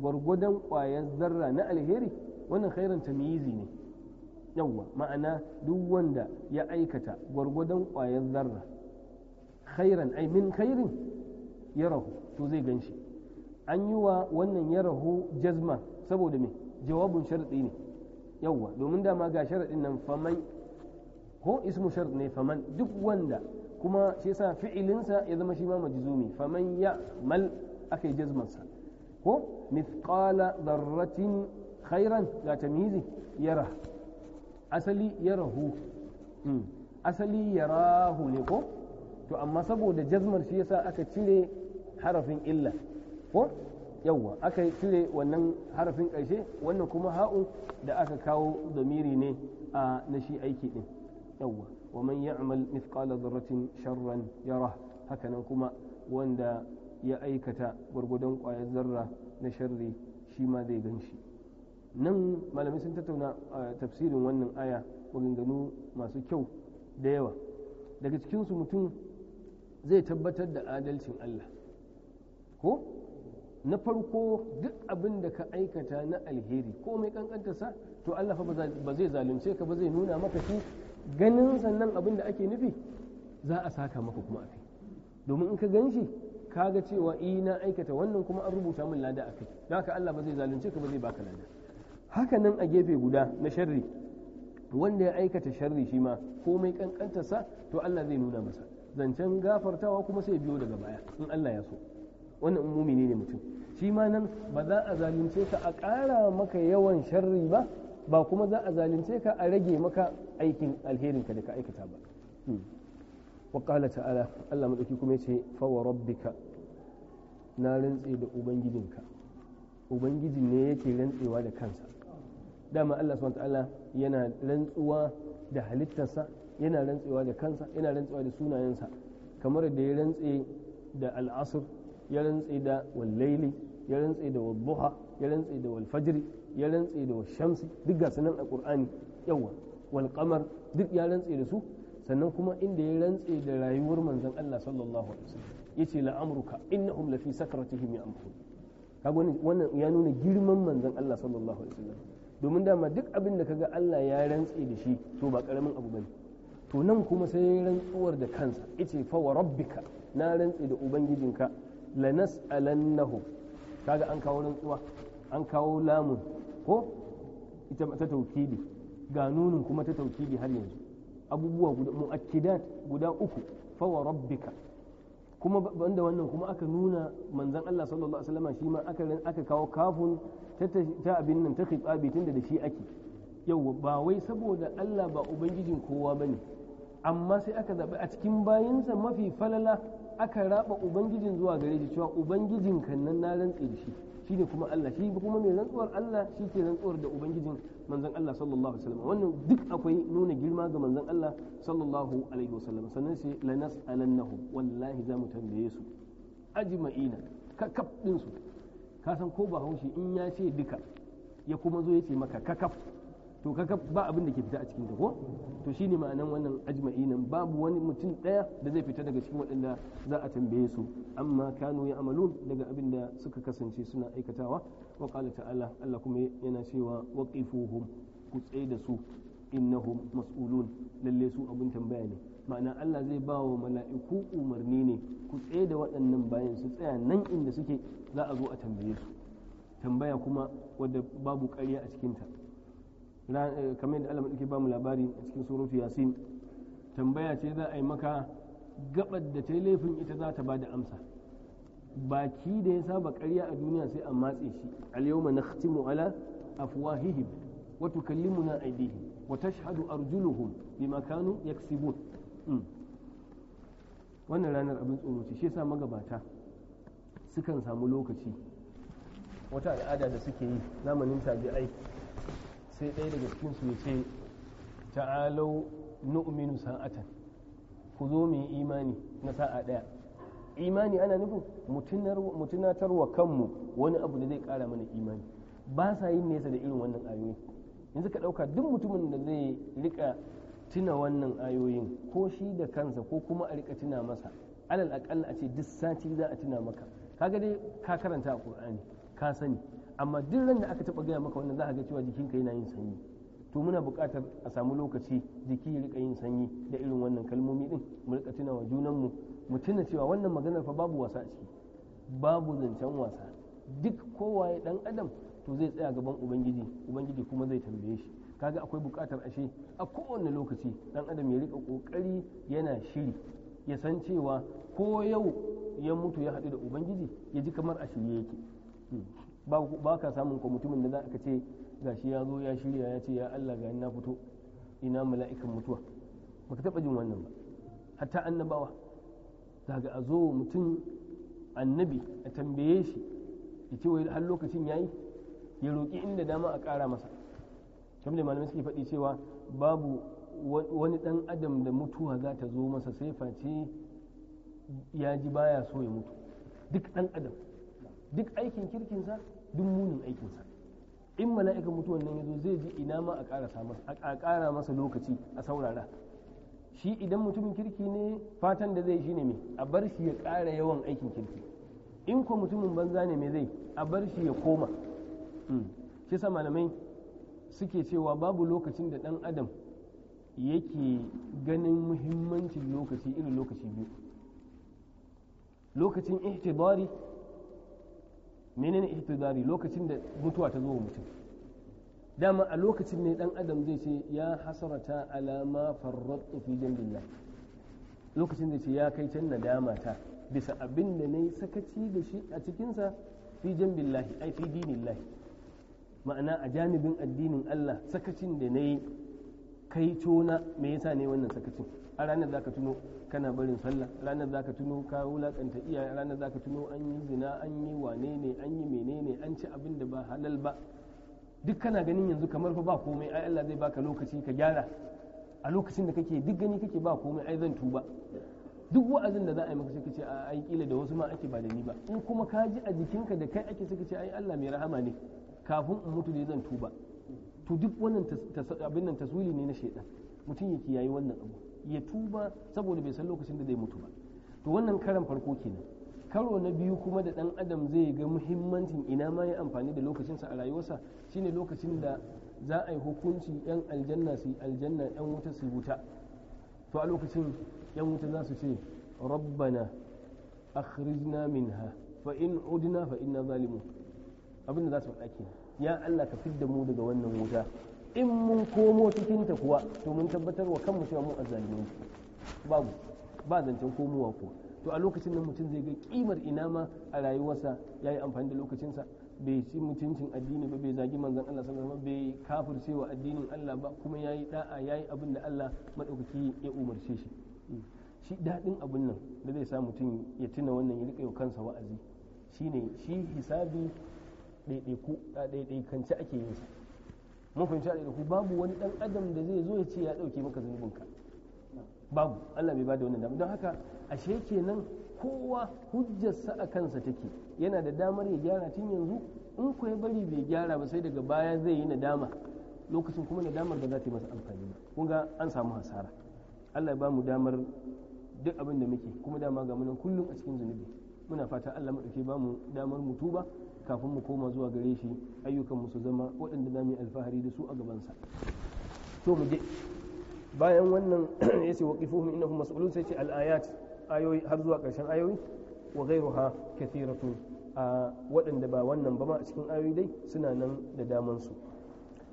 gwargwadon kwayar zarra na alheri wannan khairan tamyizi ne yawwa ma'ana duk wanda ya aikata gwargwadon kwayar zarra khairan ai min khairin ya rahu to zai ganshi an yi wa wannan ya rahu jazma saboda me jawabin sharadi ne yawwa domin dama ga sharadin nan faman ko ismu sharad ne faman duk wanda kuma shi yasa fi'ilinsa ya zama shi ma majzumi faman ya mal aka yi jazmansa ko mithqala darratin khairan ga tamizi yara asali yarahu hmm. asali yarahu ne ko to amma saboda jazmar shi yasa aka cire harafin illa ko yawwa aka cire wannan harafin ƙarshe wannan kuma ha'u da aka kawo domiri ne a na shi aiki ɗin yawwa wa man ya'mal mithqala dharratin sharran yara hakanan kuma wanda ya aikata gwargwadon ƙwayar zarra na sharri shi ma zai gan shi nan malamai sun tattauna tafsirin wannan aya maganganu masu kyau da yawa daga cikinsu mutum zai tabbatar da adalcin Allah ko na farko duk abin da ka aikata na alheri ko mai kankantarsa to Allah fa ba zai zalunce ka ba zai nuna maka shi ganin sannan abin da ake nufi za a saka maka kuma a kai domin in ka gan shi ka ga cewa i e, na aikata wannan kuma an rubuta min lada a kai don haka Allah ba zai zalunce ka ba zai baka lada haka nan a gefe guda na sharri wanda ya aikata sharri shi ma mai kankantarsa to Allah zai nuna masa zancen gafartawa kuma sai biyo daga baya in Allah ya so wannan mumini ne mutum shi ma nan ba za a zalunce ka a ƙara maka yawan sharri ba ba kuma za a zalunce ka a rage maka aikin alherin ka da ka aikata ba hmm. wa ƙala ta'ala Allah maɗauki kuma yace fa rabbika na rantse da ubangijinka ubangijin ne yake rantsewa da kansa dama Allah subhanahu ta'ala yana rantsuwa da halittarsa yana rantsewa da kansa yana rantsewa da sunayensa kamar da ya rantse da al'asur. ya rantse da wallaili ya rantse da wadduha ya rantse da walfajri ya rantse da shamsi duk ga sunan a qur'ani yawa wal duk ya rantse da su sannan kuma inda ya rantse da rayuwar manzon Allah sallallahu alaihi wasallam yace la amruka innahum lafi sakratihim ya'mahun kaga wannan ya nuna girman manzon Allah sallallahu alaihi wasallam domin dama duk abin da kaga Allah ya rantse da shi to ba karamin abu bane to nan kuma sai rantsuwar da kansa yace fa wa rabbika na rantse da ubangijinka lanas'alannahu kaga an kawo rantsuwa an kawo lamun ko ita ta taukidi ga nunin kuma ta taukidi har yanzu abubuwa guda mu'akkidat guda uku fa wa rabbika kuma banda wannan kuma aka nuna manzon Allah sallallahu alaihi wasallam shi ma aka aka kawo kafun ta abin nan ta khitabi tunda da shi ake yau ba wai saboda Allah ba ubangijin kowa bane amma sai aka zabi a cikin bayinsa mafi falala aka raba ubangijin zuwa gare shi cewa ubangijin kan nan na rantse da shi ne kuma Allah shi kuma mai rantsuwar Allah shi ke rantsuwar da ubangijin manzon Allah sallallahu alaihi wasallam wannan duk akwai nuna girma ga manzon Allah sallallahu alaihi wasallam sannan sai lanas alannahu wallahi za mu tambaye su ajma'ina kakaf din su ka san ko bahaushe in ya ce duka ya kuma zo ya ce maka kakaf to kaka ba abin da ke fita a cikin ko to shine ma'anan wannan ajma'i nan babu wani mutum daya da zai fita daga cikin waɗanda za a tambaye su amma kanu ya amalu daga abin da suka kasance suna aikatawa wa qala ta'ala Allah kuma yana cewa waqifuhum ku tsaye da su innahum mas'ulun lalle su abun tambaya ne ma'ana Allah zai ba wa mala'iku umarni ne ku tsaye da waɗannan bayan su tsaya nan inda suke za a zo a tambaye su tambaya kuma wadda babu ƙarya a cikinta Eh, kamar yadda Allah ke ba mu labari a cikin suratu yasin tambaya ce za a yi maka gabar da ta yi laifin ita za ta ba da amsa baki da ya saba karya a duniya sai a matse shi alyawma na nakhtimu ala afwahihim wa tukallimuna aydihim wa tashhadu arjuluhum bima kanu yaksibun hmm. wannan ranar abin tsoro ce shi yasa magabata sukan samu lokaci wata al'ada da suke yi zamanin tabi'ai sai ɗaya daga cikin su ya ce ta'alau nu'minu sa'atan ku zo mu yi imani na sa'a ɗaya imani ana nufin mu wa kanmu wani abu da zai ƙara mana imani ba sa yin nesa da irin wannan ayoyi yanzu ka ɗauka duk mutumin da zai rika tuna wannan ayoyin ko shi da kansa ko kuma a rika tuna masa alal aƙalla a ce duk sati za a tuna maka kaga dai ka karanta a ƙur'ani ka sani amma duk ran da aka taɓa gaya maka wannan za a ga cewa jikinka yana yin sanyi to muna buƙatar a samu lokaci jiki ya rika yin sanyi da irin wannan kalmomi din mu rika tuna wa junanmu mu tuna cewa wannan maganar fa babu wasa a ciki babu zancen wasa duk kowaye dan adam to zai tsaya gaban ubangiji ubangiji kuma zai tambaye shi kaga akwai buƙatar ashe a kowane lokaci dan adam ya rika kokari yana shiri ya san cewa ko yau ya mutu ya haɗu da ubangiji ya ji kamar a shirye yake hmm. ba ka samun ko mutumin da za ka ce gashi ya zo ya shirya ya ce ya Allah ga na fito ina mala'ikan mutuwa ba ka taba jin wannan ba hatta annabawa daga a zo mutum annabi a tambaye shi ya ce wai har lokacin yayi ya roƙi inda dama a ƙara masa kamar da malamai suke faɗi cewa babu wani ɗan adam da mutuwa za ta zo masa sai face ya ji baya so ya mutu duk ɗan adam duk aikin kirkinsa duk munin aikinsa in mala'ika mutuwan nan zo zai ji ina ma a ƙara masa ƙara masa lokaci a saurara shi idan mutumin kirki ne fatan da zai shine me a bar shi ya ƙara yawan aikin kirki in ko mutumin banza ne me zai a bar shi ya koma hmm. shi sa malamai suke cewa babu lokacin da ɗan adam yake ganin muhimmancin lokaci irin lokaci biyu lokacin ihtibari menene ihtidari lokacin da mutuwa ta zo wa mutum dama a lokacin ne dan adam zai ce ya hasarata ala ma fi jambillah lokacin da ce ya kai can nadama ta bisa abin da nayi sakaci da shi a cikin sa fi jambillah ai fi dinillah ma'ana a janibin addinin Allah sakacin da nayi kai cona me yasa ne wannan sakacin a ranar za ka tuno kana barin sallah ranar za ka tuno ka wulakanta iyaye ranar za ka tuno an yi zina an yi wane ne an yi menene an ci abin da ba halal ba duk kana ganin yanzu kamar fa ba komai ai Allah zai baka lokaci ka gyara a lokacin da kake duk gani kake ba komai ai zan tuba duk wa'azin da za a yi maka suka ce ai kila da wasu ma ake ba da ni ba in kuma ka ji a jikinka da kai ake suka ce ai Allah mai rahama ne kafin in mutu dai zan tuba to duk wannan abin nan taswili ne na shaidan mutum ya yayi wannan abu ya tuba saboda bai san lokacin da zai mutu ba to wannan karan farko kenan karo na biyu kuma da dan adam zai ga muhimmancin ina ma ya amfani da lokacinsa a rayuwarsa shine lokacin da za a yi hukunci yan aljanna su aljanna yan wuta su wuta to a lokacin yan wuta za su ce rabbana akhrijna minha fa in udna fa inna zalimun abinda za su faɗa kenan ya Allah ka fidda mu daga wannan wuta in mun komo cikin kuwa to mun tabbatar wa kanmu cewa mun azzalimi babu ba zancen komowa ko to a lokacin nan mutum zai ga kimar ina ma a rayuwarsa ya yi amfani da lokacinsa bai ci mutuncin addini ba bai zagi manzon Allah sallallahu alaihi bai kafirce wa addinin Allah ba kuma yayi da'a yayi abin da Allah madaukaki ya umarce shi shi daɗin abun nan da zai sa mutum ya tuna wannan ya riƙa kansa wa'azi shine shi hisabi ɗaiɗaiku ɗaiɗaikance ake yin sa mun fahimci da ku babu wani dan adam da zai zo ya ce ya dauke maka zunubinka babu Allah bai bada wannan dama don haka ashe kenan kowa hujjarsa a kansa take yana da damar ya gyara tun yanzu in ku ya bari bai gyara ba sai daga baya zai yi nadama lokacin kuma nadamar ba za ta yi masa amfani ba kun ga an samu hasara Allah ya ba mu damar duk abin da muke kuma dama ga munan kullum a cikin zunubi muna fata Allah maɗauke ba mu damar mutuba kafin mu koma zuwa gare shi ayyukan su zama waɗanda za mu yi alfahari da su a gabansa to mu je bayan wannan ya ce ina kuma mas'ulun sai ce al ayoyi har zuwa ƙarshen ayoyi wa ghayruha kathiratu a waɗanda ba wannan ba ma a cikin ayoyi dai suna nan da daman su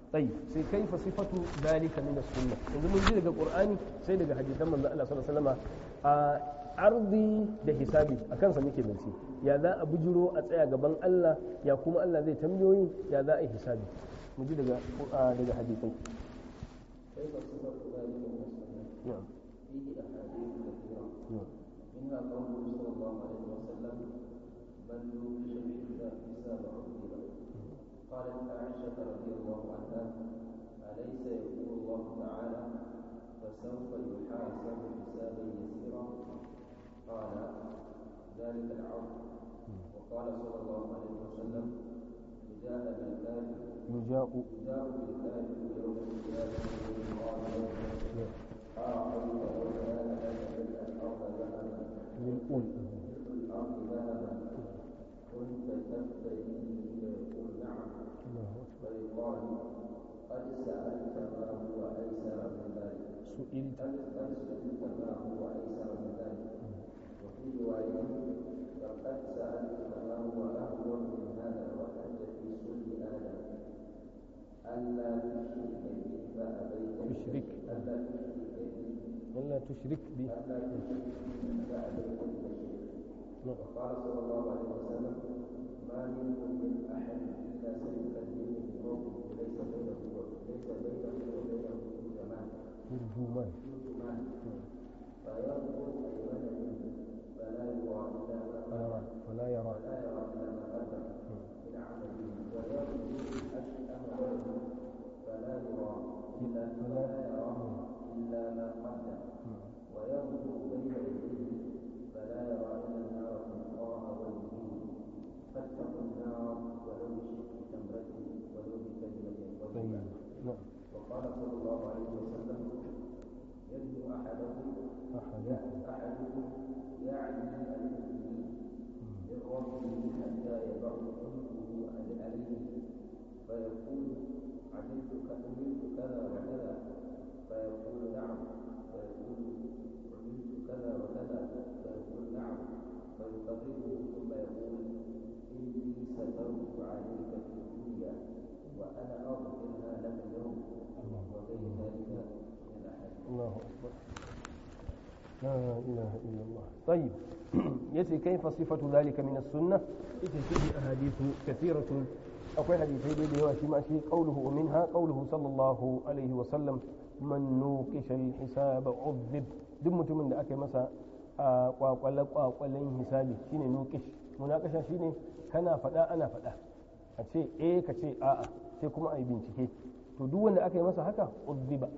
tsayi sai kai fa sifatu dalika min sunna yanzu mun ji daga qur'ani sai daga hadisan manzo Allah sallallahu alaihi a ardi da hisabi akan sa muke zance ya za a bujiro a tsaya gaban Allah ya kuma Allah zai tambayoyi ya za a yi hisabi mu ji daga daga hadisin قالت عائشة رضي الله عنها أليس يقول الله تعالى فسوف يحاسب حسابا يسيرا قال ذلك العرض وقال صلى الله عليه وسلم يجاء بالكافر يجاء يجاء بالكافر يوم القيامة أعطيت لو كان لك ملء الأرض ذهبا ملء الأرض ذهبا كنت تفتدي فيقول نعم فيقال قد سألت ما هو أيسر من ذلك سئلت قد سئلت ما هو أيسر من ذلك عليه فقد سألت فما هو أهون من هذا وحتى في سن آدم ألا تشرك به فأبيت تشرك ألا تشرك به ألا تشرك به ألا تشرك به فأبيت وقال صلى الله عليه وسلم ما منكم من أحد إلا سيكلمه موقف ليس بينه ليس بينه وبينه ترجمان ترجمان فينظر أيمنه ولا يرى إلا فلا يرى إلا ما قدم ويرجو بين يديه فلا يرى إلا النار الله والدين فاتقوا النار ولو بشق تمرة ولو بكلمة وقال صلى الله عليه وسلم يبدو أحدكم أحدكم حتى عليه فيقول عملت كذا وكذا فيقول نعم فيقول عملت كذا وكذا فيقول نعم ثم يقول إني عليك في الدنيا وأنا لك اليوم وغير ذلك من أحد الله أكبر لا إله إلا الله طيب يتي كيف صفة ذلك من السنة يتي فيه أحاديث كثيرة أقول حديثي بيدي وشما شيء قوله ومنها قوله صلى الله عليه وسلم من نوقش الحساب عذب دمت من دعك مسا kwakwale kwakwalen hisabi shine nukish munakasha shine kana faɗa ana faɗa a ce eh ka ce a'a sai kuma a yi bincike to duk wanda aka yi masa haka uzziba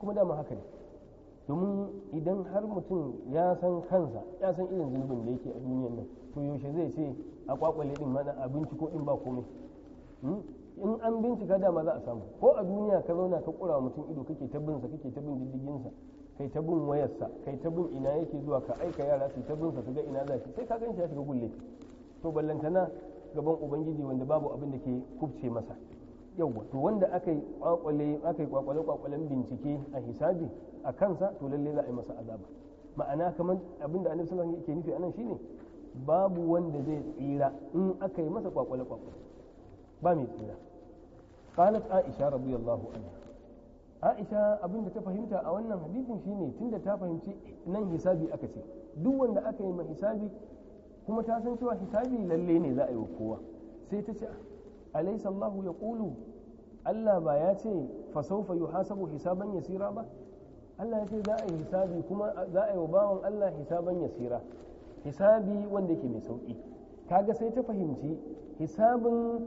kuma dama haka ne domin idan har mutum ya san kansa ya san irin zunubin da yake a duniyan nan to yaushe zai ce a kwakwale din mana a binciko din ba komai hmm? in an bincika dama za a samu ko a duniya ka zauna ka kura mutum ido kake ta binsa kake ta bin diddiginsa kai ta bin wayarsa kai ta bin ina yake zuwa ka aika yara su ta binsa su ga ina za shi sai ka ganci ya shiga gulle to ballantana gaban ubangiji wanda babu abin da ke kubce masa yauwa to wanda aka yi kwakwale kwakwalen bincike a hisabi a kansa to lalle za a yi masa azaba ma'ana kamar abinda annabi sallallahu alaihi wasallam yake nufi anan shine babu wanda zai tsira in aka yi masa kwakwale kwakwale ba mai tsira qalat aisha radiyallahu anha aisha abinda ta fahimta a wannan hadisin shine tunda ta fahimci nan hisabi aka ce duk wanda aka yi ma hisabi kuma ta san cewa hisabi lalle ne za a yi wa kowa sai ta ce alaysa allah yaqulu Allah ba ya ce fa sawfa yuhasabu hisaban yasira ba Allah ya ce za a yi hisabi kuma za a yi wa bawan Allah hisaban yasira hisabi wanda ke mai sauki kaga sai ta fahimci hisabin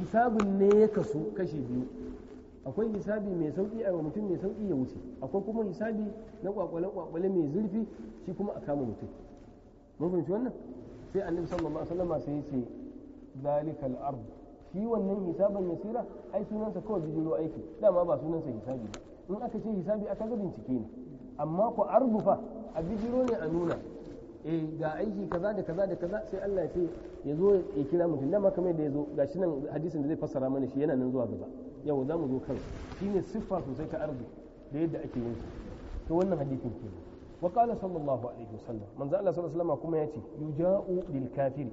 hisabin ne ya kasu kashi biyu akwai hisabi mai sauki a wa mutum mai sauki ya wuce akwai kuma hisabi na kwakwale-kwakwale mai zurfi shi kuma a kama mutum mun fahimci wannan sai annabi sallallahu alaihi wasallam sai ya ce zalikal ard shi wannan hisaban yasira ai sunansa kawai bijiro aiki dama ba sunansa hisabi ba in aka ce hisabi aka ga bincike ne amma ku arzufa a bijiro ne a nuna e ga aiki kaza da kaza da kaza sai Allah ya ce ya zo ya kira mutum maka mai da ya zo gashi nan hadisin da zai fassara mana shi yana nan zuwa gaba yau za mu zo kan shine siffa sosai ta ardu da yadda ake yin to wannan hadisin ke wa qala sallallahu alaihi wasallam manzo Allah sallallahu alaihi wasallam kuma yace yuja'u lil kafir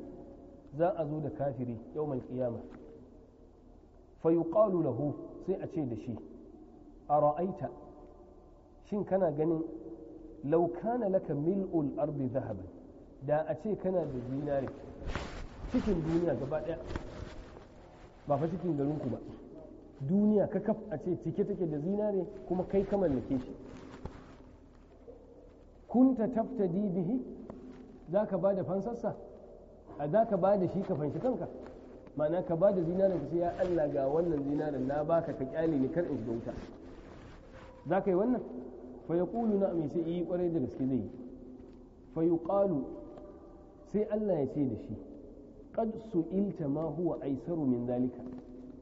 za a zo da kafiri yawmal qiyamah fa yuqalu lahu sai a ce da shi ara'aita shin kana ganin laukana laka mil'ul ardi zahaban da a ce kana da zinari cikin duniya gaba daya ba fa cikin garin ku ba duniya kakaf a ce cike take da zinari kuma kai ka mallake shi kunta tafta bihi zaka bada fansarsa a zaka bada shi ka fanshi kanka ma'ana ka ba da zinarin ka sai ya Allah ga wannan zinarin na baka ka kyale ne kar in shiga wuta za ka yi wannan fa ƙulu na mai sai yi ƙwarai da gaske zai yi fa ƙalu sai Allah ya ce da shi su ilta ma huwa aisaru min zalika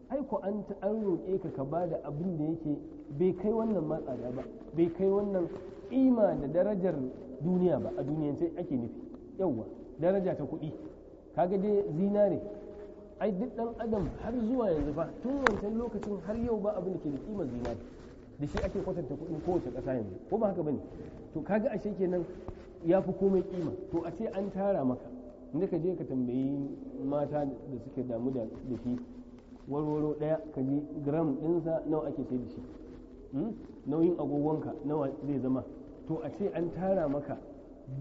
ai an an an roƙe ka ka da abin da yake bai kai wannan matsada ba bai kai wannan ƙima da darajar duniya ba a duniyance ake nufi yauwa daraja ta kuɗi kaga dai zinare ai duk ɗan adam har zuwa yanzu ba tun wancan lokacin har yau ba abin da ke da ƙimar zinare da shi ake kwatanta kuɗin kowace ƙasa yanzu ko ba haka bane to kaga ashe kenan ya fi komai kima to a ce an tara maka inda ka je ka tambayi mata da suke damu da shi warwaro ɗaya ka ji gram ɗinsa nawa ake sai da shi hmm? nauyin agogonka nawa zai zama to a ce an tara maka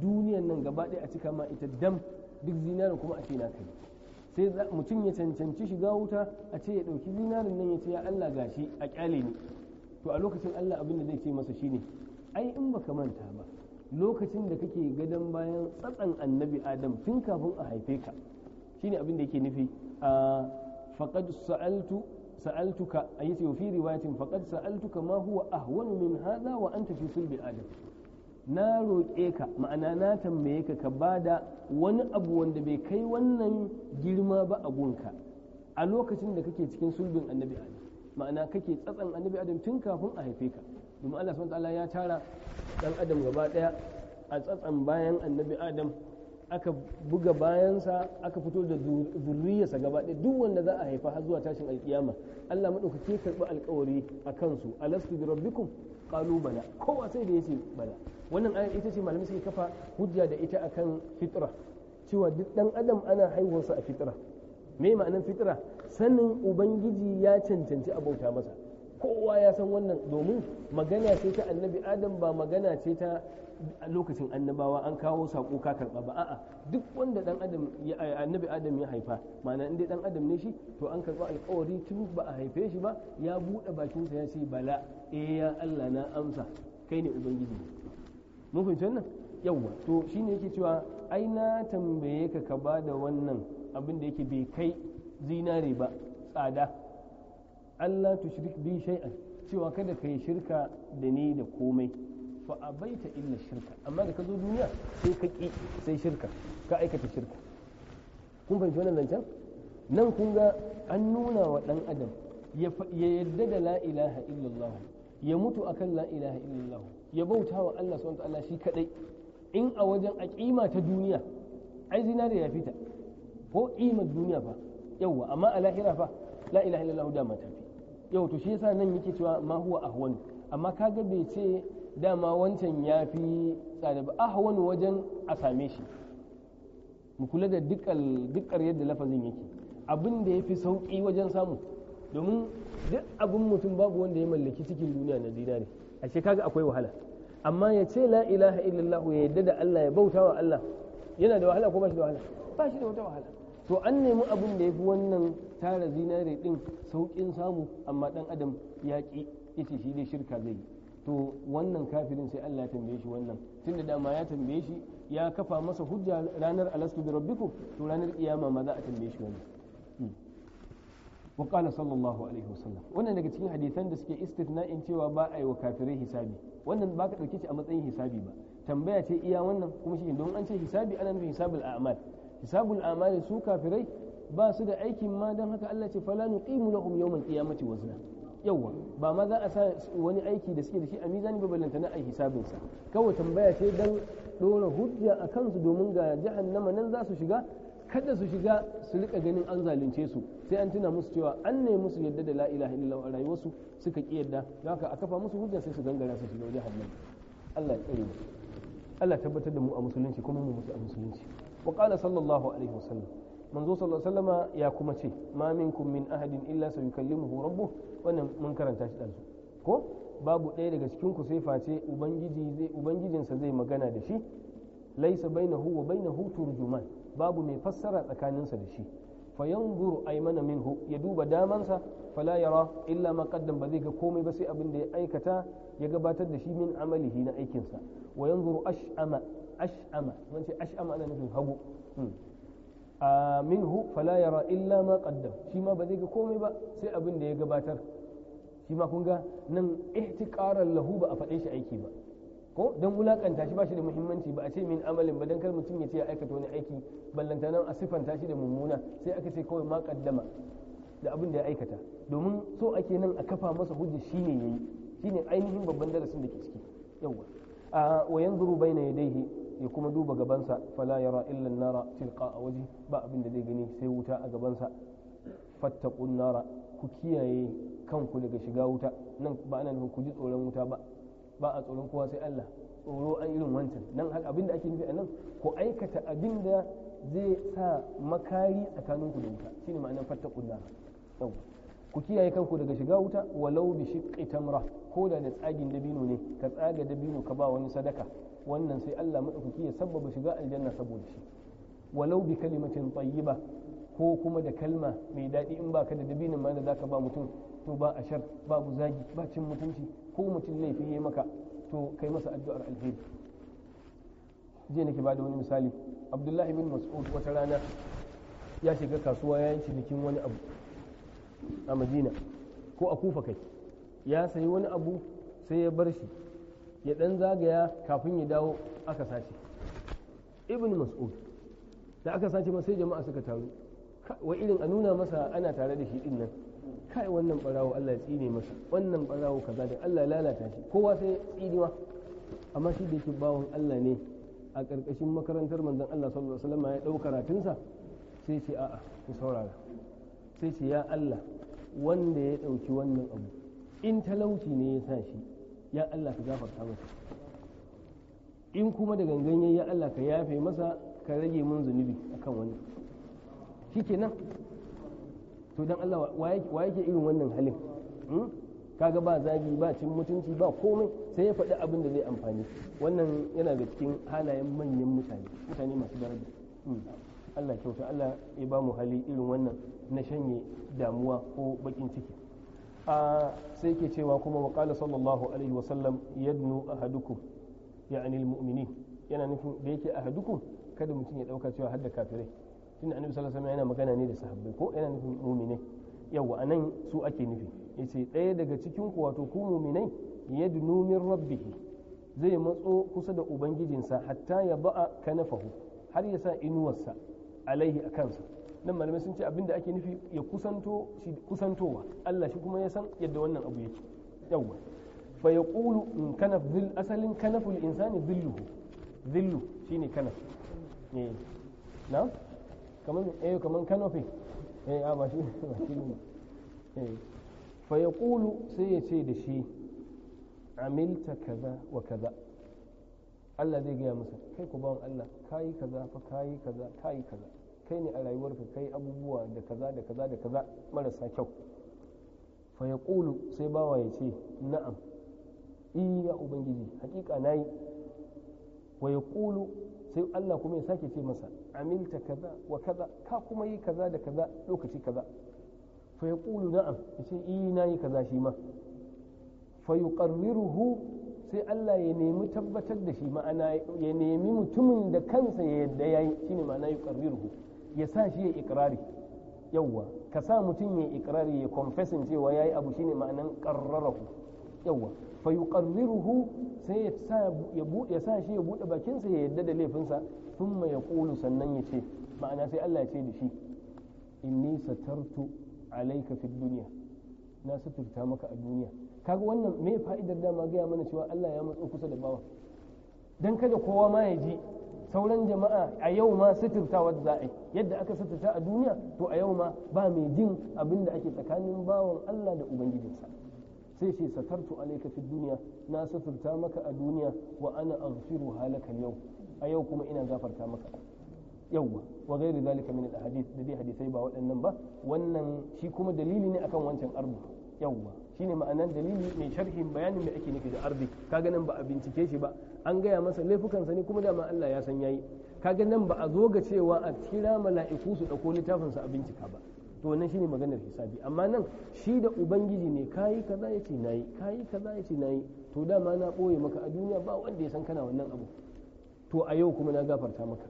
duniyan nan gaba ɗaya a cika ma ita dam duk zinarin kuma a ce na kai sai mutum ya cancanci shiga wuta a ce ya ɗauki zinarin nan ya ce ya Allah gashi a ƙyale ne. to a lokacin Allah abin da zai ce masa shine ai in baka manta ba lokacin da kake gadon bayan tsatsan annabi adam tun kafin a haife ka shine abin da yake nufi a faqad sa'altu sa'altuka ayi sai fi riwayatin faqad sa'altuka ma huwa ahwanu min hadha wa anta fi sulbi adam na roƙe ka ma'ana na tambaye ka ka bada wani abu wanda bai kai wannan girma ba a gunka a lokacin da kake cikin sulbin annabi adam ma'ana kake tsatsan annabi adam tun kafin a haife ka domin Allah subhanahu ta'ala ya tara dan adam gaba daya a tsatsan bayan annabi adam aka buga bayansa aka fito da zurriyarsa gaba daya duk wanda za a haifa har zuwa tashin alkiyama Allah ke karbi alkawari a kansu alastu bi rabbikum qalu bala kowa sai da yace bala wannan ayar ita ce malamai suke kafa hujja da ita akan fitra cewa duk dan adam ana haihuwarsa a fitra me ma'anar fitra sanin ubangiji ya cancanci abauta masa kowa ya san wannan domin magana ce ta annabi adam ba magana ce ta lokacin annabawa an kawo sako ka karba ba a'a duk wanda dan adam annabi adam ya haifa ma'ana inda dan adam ne shi to an karba alƙawari tun ba a haife shi ba ya buɗe sa ya ce bala eh ya Allah na amsa kai ne ubangiji mun fahimci wannan ba to shine yake cewa ai na tambaye ka ka bada wannan abin da yake bai kai zinari ba tsada Allah shirk bi shay'an cewa kada ka yi shirka da ni da komai fa abaita illa shirka amma da ka zo duniya sai ka ki sai shirka ka aikata shirka kun fahimci wannan zancen nan kun ga an nuna wa dan adam ya yarda da la ilaha illallah ya mutu akan la ilaha illallah ya bauta wa Allah subhanahu wa ta'ala shi kadai in a wajen aqima ta duniya ai zinari ya fita ko ƙimar duniya fa yawwa amma a lahira fa la ilaha illallah dama tafi yau to shi yasa nan yake cewa ma huwa ahwan amma kaga bai ce dama wancan ya fi tsada ba ahwan wajen a same shi mu kula da dukkan yadda lafazin yake abin da ya fi wajen samu domin duk abin mutum babu wanda ya mallaki cikin duniya na zinare ashe kaga akwai wahala amma ya ce la ilaha illallah ya yadda da Allah ya bauta wa Allah yana da wahala ko ba shi da wahala ba shi da wata wahala to an nemi abin da ya fi wannan tara zinare din sauƙin samu amma ɗan adam ya ƙi ita shi dai shirka zai to wannan kafirin sai Allah ya tambaye shi wannan tun da dama ya tambaye shi ya kafa masa hujja ranar alastu bi rabbikum to ranar kiyama ma za a tambaye shi wannan hmm. wa qala sallallahu alaihi wasallam wannan daga cikin hadisan da suke istithna'in cewa ba a yi wa kafirai hisabi wannan ba ka dauke shi a matsayin hisabi ba tambaya ce iya wannan kuma shi don an ce hisabi ana nufin hisabul a'mal hisabul amali su kafirai ba su da aikin ma don haka Allah ce fala nuqimu lahum yawmal qiyamati wazna yawa ba ma za a sa wani aiki da suke da shi a mizani ba ballanta na hisabin sa kawai tambaya ce dan dora hujja a kansu domin ga jahannama nan za su shiga kada su shiga su rika ganin an zalunce su sai an tuna musu cewa an ne musu yadda da la ilaha illallah a rayuwarsu suka ki yadda haka a kafa musu hujja sai su gangara su shiga jahannama Allah ya tsare Allah tabbatar da mu a musulunci kuma mu mutu a musulunci wa qala sallallahu alaihi wasallam manzo sallallahu alaihi ya kuma ce mamin minkum min ahadin illa mu rabbuh wannan mun karanta shi dalsu ko babu ɗaya daga cikin ku sai face zai ubangijinsa zai magana da shi laisa bainahu wa bainahu turjuman babu mai fassara tsakaninsa da shi fa yanzuru aymana minhu ya duba damansa fala yara illa ma qaddam ba zai ga komai ba sai abin da ya aikata ya gabatar da shi min amali na aikinsa wa ash ama. ash'ama mun ce ash'ama ana nufin hagu hmm. minhu fala yara illa ma qaddam shi ma ba zai ga komai ba sai abin da ya gabatar shi ma kun ga nan ihtiqaran lahu ba a faɗe shi aiki ba ko dan wulakanta shi ba shi da muhimmanci ba a ce min amalin ba dan kar mutum ya ce ya aikata wani aiki ballanta nan a sifanta shi da mummuna sai aka ce kawai ma qaddama da abin da ya aikata domin so ake nan a kafa masa hujja shine yayi shine ainihin babban darasin da ke ciki yawa wa yanzuru bayna yadayhi ya kuma duba gabansa fala yara illa nara tilqa a waje ba abin zai gani sai wuta a gabansa fattaqun nara ku kiyaye kanku daga shiga wuta nan ba ana nufin ku ji tsoron wuta ba ba a tsoron kowa sai Allah tsoro an irin wancan nan abin abinda ake nufi a nan ku aikata abin da zai sa makari ku da wuta shine ma'anar fattaqun nara ku kiyaye kanku daga shiga wuta walau bi shiqqi tamra ko da da tsagin dabino ne ka tsaga dabino ka ba wani sadaka wannan sai Allah maɗaukaki ya sabbaba shiga aljanna saboda shi walau bi kalimatin tayyiba ko kuma da kalma mai daɗi in baka da dabinin ma da zaka ba mutum to ba a shar babu zagi ba cin mutunci ko mutum laifi yayi maka to kai masa addu'ar alheri je nake da wani misali abdullahi bin mas'ud wata rana ya shiga kasuwa ya yi cinikin wani abu a madina ko a kufa kai ya sayi wani abu sai ya bar shi ya dan zagaya kafin ya dawo aka sace ibn mas'ud da aka sace masa sai jama'a suka taru wa irin a nuna masa ana tare da shi din nan kai wannan barawo Allah ya tsine masa wannan barawo kaza da Allah lalata shi kowa sai ma amma shi da yake bawon Allah ne a ƙarƙashin makarantar manzon Allah sallallahu alaihi wasallam ya karatun karatunsa sai ce a'a ku saurara sai ce ya Allah wanda ya ɗauki wannan abu in talauci ne ya sa shi ya Allah ka gafarta masa in kuma da gangan ya Allah ka yafe masa ka rage mun zunubi akan wani shikenan to dan Allah wa yake irin wannan halin hmm? kaga ba zagi ba cin mutunci ba komai sai ya faɗi abin da zai amfani wannan yana ga cikin halayen manyan mutane mutane masu daraja hmm. Allah kyauta Allah ya ba mu hali irin wannan na shanye damuwa ko bakin ciki a sai ke cewa kuma waƙala sallallahu alaihi wasallam yadnu ya anil almu'minin yana nufin da yake ahadukum kada mutum ya ɗauka cewa hadda kafirai tunda annabi sallallahu alaihi yana magana ne da sahabbai ko yana nufin mu'minai yawa anan su ake nufi ya ce ɗaya daga cikin ku wato ku mu'minai yadnu min rabbihi zai matso kusa da ubangijinsa hatta ya ba'a kanafahu har ya sa inuwarsa alaihi a kansa nan malamai sun ce abinda ake nufi ya kusanto shi kusantowa Allah shi kuma ya san yadda wannan abu yake yawwa fa yaqulu in kana dhil asalin kanaful insani dhilluhu dhillu shine kana eh na kaman eh kaman kanofi eh a ba shi ba shi ne eh fa yaqulu sai ya ce da shi amilta kaza wa kaza Allah zai gaya masa kai ku bawon Allah kayi kaza fa kayi kaza kayi kaza kai ne a rayuwarka kai abubuwa da kaza da kaza da kaza marasa kyau fa ya ƙulu sai bawa ya ce na'am iya ubangiji hakika na yi wa ya ƙulu sai allah kuma ya sake ce masa amilta kaza wa kaza ka kuma yi kaza da kaza lokaci kaza fa ya ƙulu na'am ya ce iya na yi kaza shi ma fa yuqarriruhu sai allah ya nemi tabbatar da shi ma'ana ya nemi mutumin da kansa ya yadda ya yi shine ma'ana yuqarriruhu ya sa shi ya ikirari yawwa ka sa mutum ya ikirari ya confessin cewa yi abu shine ma'anan qarrarahu yawwa fa yuqarriruhu sai ya sa ya bude sa shi ya buɗe bakin sa ya yadda da laifinsa ya ƙulu sannan ya ce ma'ana sai Allah ya ce da shi inni satartu alayka fi duniya na suturta maka a duniya kaga wannan me fa'idar dama gaya mana cewa Allah ya matso kusa da bawa dan kada kowa ma ya ji sauran jama'a a yau ma suturta wadda za a yadda aka suturta a duniya to a yau ma ba mai jin abin da ake tsakanin bawan Allah da ubangijinsa sai ce satartu alaika fi duniya na suturta maka a duniya wa ana aghfiru halaka yau a yau kuma ina gafarta maka yawwa wa ghairi zalika min al da dai hadisai ba waɗannan ba wannan shi kuma dalili ne akan wancan arbu yawwa shine ma'anan dalili mai sharhin bayanin da ake nufi da arzik kaga nan ba a bincike shi ba an gaya masa laifukansa ne kuma dama Allah ya san yayi kaga nan ba a zo ga cewa a kira mala'iku su dauko littafin sa a bincika ba to wannan shine maganar hisabi amma nan shi da ubangiji ne kayi kaza yace nayi kayi kaza yace nayi to dama na boye maka a duniya ba wanda ya san kana wannan abu to a yau kuma na gafarta maka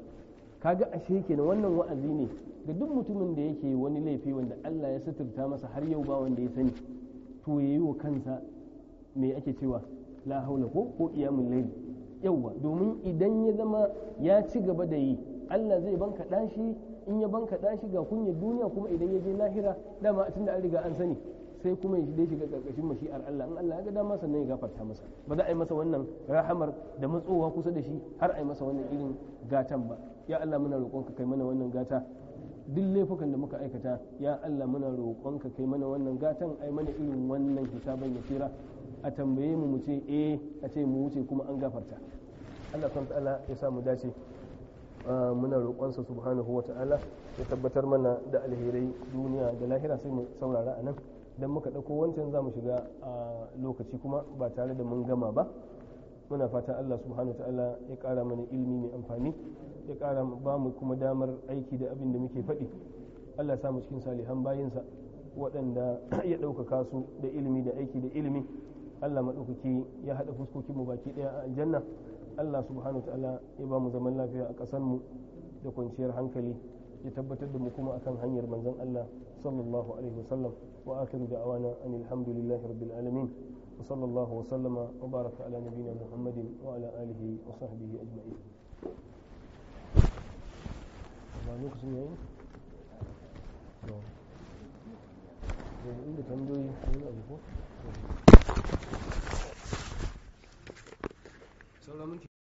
kaga ashe kenan wannan wa'azi ne ga duk mutumin da yake wani laifi wanda Allah ya suturta masa har yau ba wanda ya sani to ya yi wa kansa me ake cewa la haula ko ko iyamun laili yawwa domin idan ya zama ya ci gaba da yi Allah zai banka shi in ya banka shi ga kunyar duniya kuma idan ya je lahira dama tunda an riga an sani sai kuma ya dai shiga karkashin mashi'ar Allah in Allah ya ga dama sannan ya gafarta masa ba za a yi masa wannan rahamar da matsowa kusa da shi har a yi masa wannan irin gatan ba ya Allah muna roƙonka kai mana wannan gata duk laifukan da muka aikata ya Allah muna roƙonka kai mana wannan gatan ai mana irin wannan hisaban ya tsira a tambaye mu mu ce eh a ce mu wuce kuma an gafarta Allah subhanahu ta'ala ya sa mu dace ah, muna roƙonsa subhanahu wa ta'ala ya tabbatar mana da alherai duniya da lahira sai mu saurara a nan dan muka ɗauko wancan za mu shiga a ah, lokaci kuma ba tare da mun gama ba muna fata Allah subhanahu wa ta'ala ya kara mana ilimi mai amfani ya kara ba mu kuma damar aiki da abin da muke faɗi Allah samu cikin salihan bayinsa waɗanda ya ɗaukaka su da ilimi da aiki da ilimi Allah maɗaukaki ya haɗa fuskokin mu baki ɗaya a aljanna Allah subhanahu wa ta'ala ya ba mu zaman lafiya a ƙasar mu da kwanciyar hankali ya tabbatar da mu kuma akan hanyar manzon Allah sallallahu alaihi wasallam wa akhiru da'wana anil hamdulillahi rabbil alamin وصلى الله وسلم وبارك على نبينا محمد وعلى آله وصحبه أجمعين